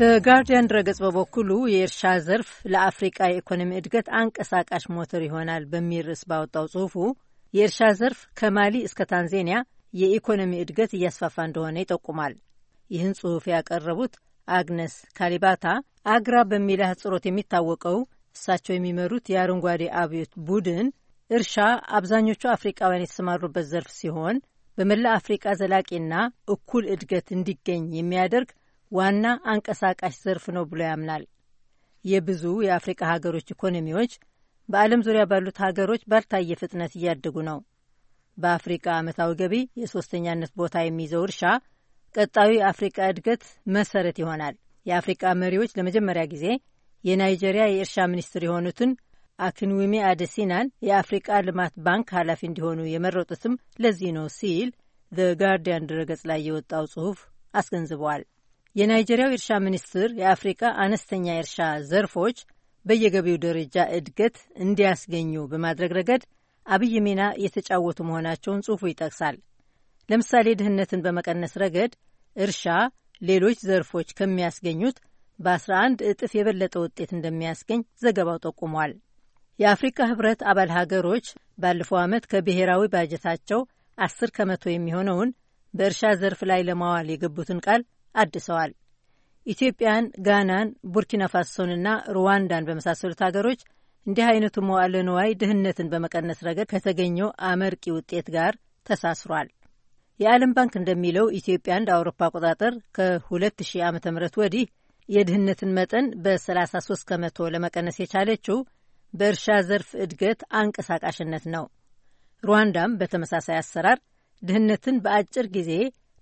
በጋርዲያን ድረገጽ በበኩሉ የእርሻ ዘርፍ ለአፍሪቃ የኢኮኖሚ እድገት አንቀሳቃሽ ሞተር ይሆናል በሚል ርዕስ ባወጣው ጽሁፉ የእርሻ ዘርፍ ከማሊ እስከ ታንዜኒያ የኢኮኖሚ እድገት እያስፋፋ እንደሆነ ይጠቁማል። ይህን ጽሁፍ ያቀረቡት አግነስ ካሊባታ አግራ በሚል አህጽሮት የሚታወቀው እሳቸው የሚመሩት የአረንጓዴ አብዮት ቡድን እርሻ አብዛኞቹ አፍሪቃውያን የተሰማሩበት ዘርፍ ሲሆን በመላ አፍሪቃ ዘላቂና እኩል እድገት እንዲገኝ የሚያደርግ ዋና አንቀሳቃሽ ዘርፍ ነው ብሎ ያምናል። የብዙ የአፍሪቃ ሀገሮች ኢኮኖሚዎች በዓለም ዙሪያ ባሉት ሀገሮች ባልታየ ፍጥነት እያደጉ ነው። በአፍሪቃ ዓመታዊ ገቢ የሶስተኛነት ቦታ የሚይዘው እርሻ ቀጣዩ የአፍሪቃ እድገት መሰረት ይሆናል። የአፍሪቃ መሪዎች ለመጀመሪያ ጊዜ የናይጄሪያ የእርሻ ሚኒስትር የሆኑትን አክንዊሚ አደሲናን የአፍሪቃ ልማት ባንክ ኃላፊ እንዲሆኑ የመረጡትም ለዚህ ነው ሲል ዘ ጋርዲያን ድረገጽ ላይ የወጣው ጽሑፍ አስገንዝበዋል። የናይጄሪያው የእርሻ ሚኒስትር የአፍሪቃ አነስተኛ የእርሻ ዘርፎች በየገቢው ደረጃ እድገት እንዲያስገኙ በማድረግ ረገድ አብይ ሚና የተጫወቱ መሆናቸውን ጽሑፉ ይጠቅሳል። ለምሳሌ ድህነትን በመቀነስ ረገድ እርሻ ሌሎች ዘርፎች ከሚያስገኙት በ11 እጥፍ የበለጠ ውጤት እንደሚያስገኝ ዘገባው ጠቁሟል። የአፍሪካ ህብረት አባል ሀገሮች ባለፈው ዓመት ከብሔራዊ ባጀታቸው 10 ከመቶ የሚሆነውን በእርሻ ዘርፍ ላይ ለማዋል የገቡትን ቃል አድሰዋል። ኢትዮጵያን፣ ጋናን፣ ቡርኪና ፋሶንና ሩዋንዳን በመሳሰሉት ሀገሮች እንዲህ አይነቱ መዋለ ንዋይ ድህነትን በመቀነስ ረገድ ከተገኘው አመርቂ ውጤት ጋር ተሳስሯል። የዓለም ባንክ እንደሚለው ኢትዮጵያ እንደ አውሮፓ አቆጣጠር ከ2000 ዓ ም ወዲህ የድህነትን መጠን በ33 ከመቶ ለመቀነስ የቻለችው በእርሻ ዘርፍ እድገት አንቀሳቃሽነት ነው። ሩዋንዳም በተመሳሳይ አሰራር ድህነትን በአጭር ጊዜ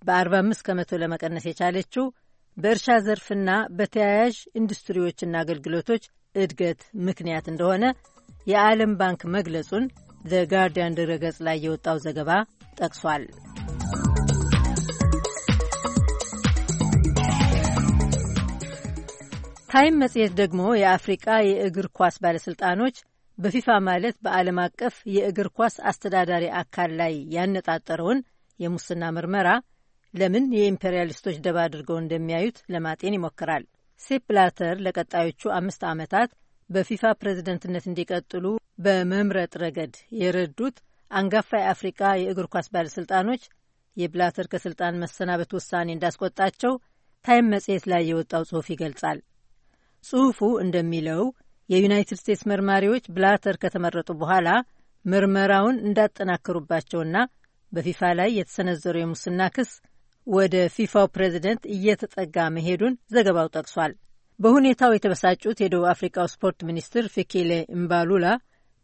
በ45 ከመቶ ለመቀነስ የቻለችው በእርሻ ዘርፍና በተያያዥ ኢንዱስትሪዎችና አገልግሎቶች እድገት ምክንያት እንደሆነ የዓለም ባንክ መግለጹን ዘ ጋርዲያን ድረገጽ ላይ የወጣው ዘገባ ጠቅሷል። ታይም መጽሔት ደግሞ የአፍሪቃ የእግር ኳስ ባለሥልጣኖች በፊፋ ማለት በዓለም አቀፍ የእግር ኳስ አስተዳዳሪ አካል ላይ ያነጣጠረውን የሙስና ምርመራ ለምን የኢምፔሪያሊስቶች ደባ አድርገው እንደሚያዩት ለማጤን ይሞክራል። ሴፕ ብላተር ለቀጣዮቹ አምስት ዓመታት በፊፋ ፕሬዝደንትነት እንዲቀጥሉ በመምረጥ ረገድ የረዱት አንጋፋ የአፍሪቃ የእግር ኳስ ባለሥልጣኖች የብላተር ከሥልጣን መሰናበት ውሳኔ እንዳስቆጣቸው ታይም መጽሔት ላይ የወጣው ጽሑፍ ይገልጻል። ጽሑፉ እንደሚለው የዩናይትድ ስቴትስ መርማሪዎች ብላተር ከተመረጡ በኋላ ምርመራውን እንዳጠናከሩባቸውና በፊፋ ላይ የተሰነዘሩ የሙስና ክስ ወደ ፊፋው ፕሬዚደንት እየተጠጋ መሄዱን ዘገባው ጠቅሷል። በሁኔታው የተበሳጩት የደቡብ አፍሪካው ስፖርት ሚኒስትር ፊኬሌ እምባሉላ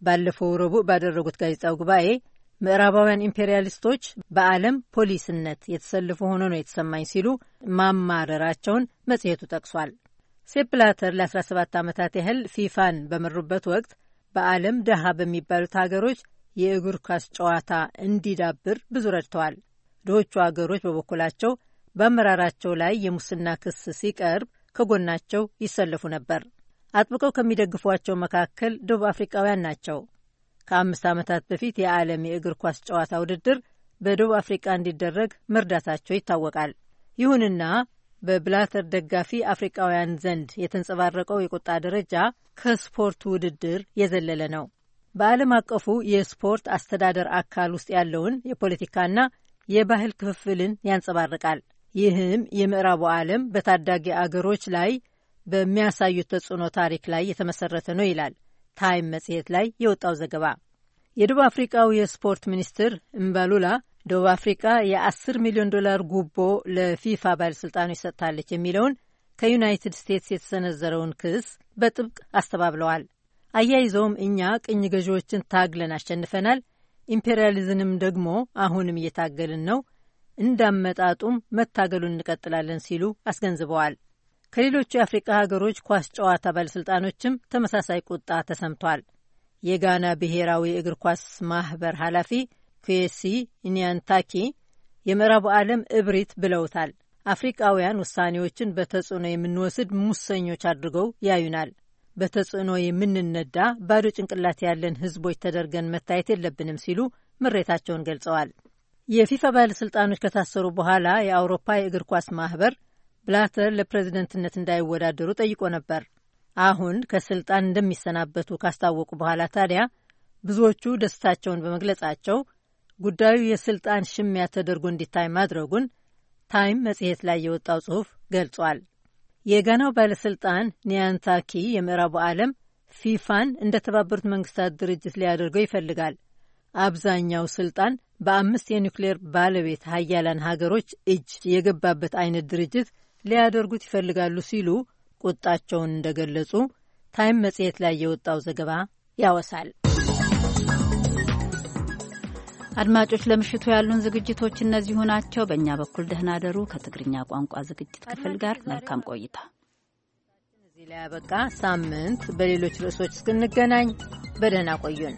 ባለፈው ረቡዕ ባደረጉት ጋዜጣው ጉባኤ ምዕራባውያን ኢምፔሪያሊስቶች በዓለም ፖሊስነት የተሰለፉ ሆኖ ነው የተሰማኝ ሲሉ ማማረራቸውን መጽሔቱ ጠቅሷል። ሴፕ ብላተር ለ17 ዓመታት ያህል ፊፋን በመሩበት ወቅት በዓለም ደሃ በሚባሉት ሀገሮች የእግር ኳስ ጨዋታ እንዲዳብር ብዙ ረድተዋል። ድሆቹ አገሮች በበኩላቸው በአመራራቸው ላይ የሙስና ክስ ሲቀርብ ከጎናቸው ይሰለፉ ነበር። አጥብቀው ከሚደግፏቸው መካከል ደቡብ አፍሪቃውያን ናቸው። ከአምስት ዓመታት በፊት የዓለም የእግር ኳስ ጨዋታ ውድድር በደቡብ አፍሪቃ እንዲደረግ መርዳታቸው ይታወቃል። ይሁንና በብላተር ደጋፊ አፍሪቃውያን ዘንድ የተንጸባረቀው የቁጣ ደረጃ ከስፖርቱ ውድድር የዘለለ ነው። በዓለም አቀፉ የስፖርት አስተዳደር አካል ውስጥ ያለውን የፖለቲካና የባህል ክፍፍልን ያንጸባርቃል። ይህም የምዕራቡ ዓለም በታዳጊ አገሮች ላይ በሚያሳዩት ተጽዕኖ ታሪክ ላይ የተመሰረተ ነው ይላል ታይም መጽሔት ላይ የወጣው ዘገባ። የደቡብ አፍሪቃው የስፖርት ሚኒስትር እምባሉላ ደቡብ አፍሪቃ የ10 ሚሊዮን ዶላር ጉቦ ለፊፋ ባለሥልጣኖች ሰጥታለች የሚለውን ከዩናይትድ ስቴትስ የተሰነዘረውን ክስ በጥብቅ አስተባብለዋል። አያይዘውም እኛ ቅኝ ገዢዎችን ታግለን አሸንፈናል፣ ኢምፔሪያሊዝንም ደግሞ አሁንም እየታገልን ነው፣ እንዳመጣጡም መታገሉን እንቀጥላለን ሲሉ አስገንዝበዋል። ከሌሎቹ የአፍሪቃ ሀገሮች ኳስ ጨዋታ ባለሥልጣኖችም ተመሳሳይ ቁጣ ተሰምቷል። የጋና ብሔራዊ እግር ኳስ ማኅበር ኃላፊ ኩዌሲ ኒያንታኪ የምዕራቡ ዓለም እብሪት ብለውታል። አፍሪቃውያን ውሳኔዎችን በተጽዕኖ የምንወስድ ሙሰኞች አድርገው ያዩናል። በተጽዕኖ የምንነዳ ባዶ ጭንቅላት ያለን ህዝቦች ተደርገን መታየት የለብንም ሲሉ ምሬታቸውን ገልጸዋል። የፊፋ ባለሥልጣኖች ከታሰሩ በኋላ የአውሮፓ የእግር ኳስ ማኅበር ብላተር ለፕሬዝደንትነት እንዳይወዳደሩ ጠይቆ ነበር። አሁን ከስልጣን እንደሚሰናበቱ ካስታወቁ በኋላ ታዲያ ብዙዎቹ ደስታቸውን በመግለጻቸው ጉዳዩ የስልጣን ሽሚያ ተደርጎ እንዲታይ ማድረጉን ታይም መጽሔት ላይ የወጣው ጽሑፍ ገልጿል። የጋናው ባለሥልጣን ኒያንታኪ የምዕራቡ ዓለም ፊፋን እንደ ተባበሩት መንግስታት ድርጅት ሊያደርገው ይፈልጋል፣ አብዛኛው ስልጣን በአምስት የኒውክሌር ባለቤት ሀያላን ሀገሮች እጅ የገባበት አይነት ድርጅት ሊያደርጉት ይፈልጋሉ ሲሉ ቁጣቸውን እንደገለጹ ታይም መጽሔት ላይ የወጣው ዘገባ ያወሳል።
አድማጮች ለምሽቱ ያሉን ዝግጅቶች እነዚሁ ናቸው። በእኛ በኩል ደህና ደሩ። ከትግርኛ ቋንቋ ዝግጅት ክፍል ጋር መልካም ቆይታ።
እዚህ ላይ ያበቃ። ሳምንት በሌሎች ርዕሶች እስክንገናኝ በደህና ቆዩን።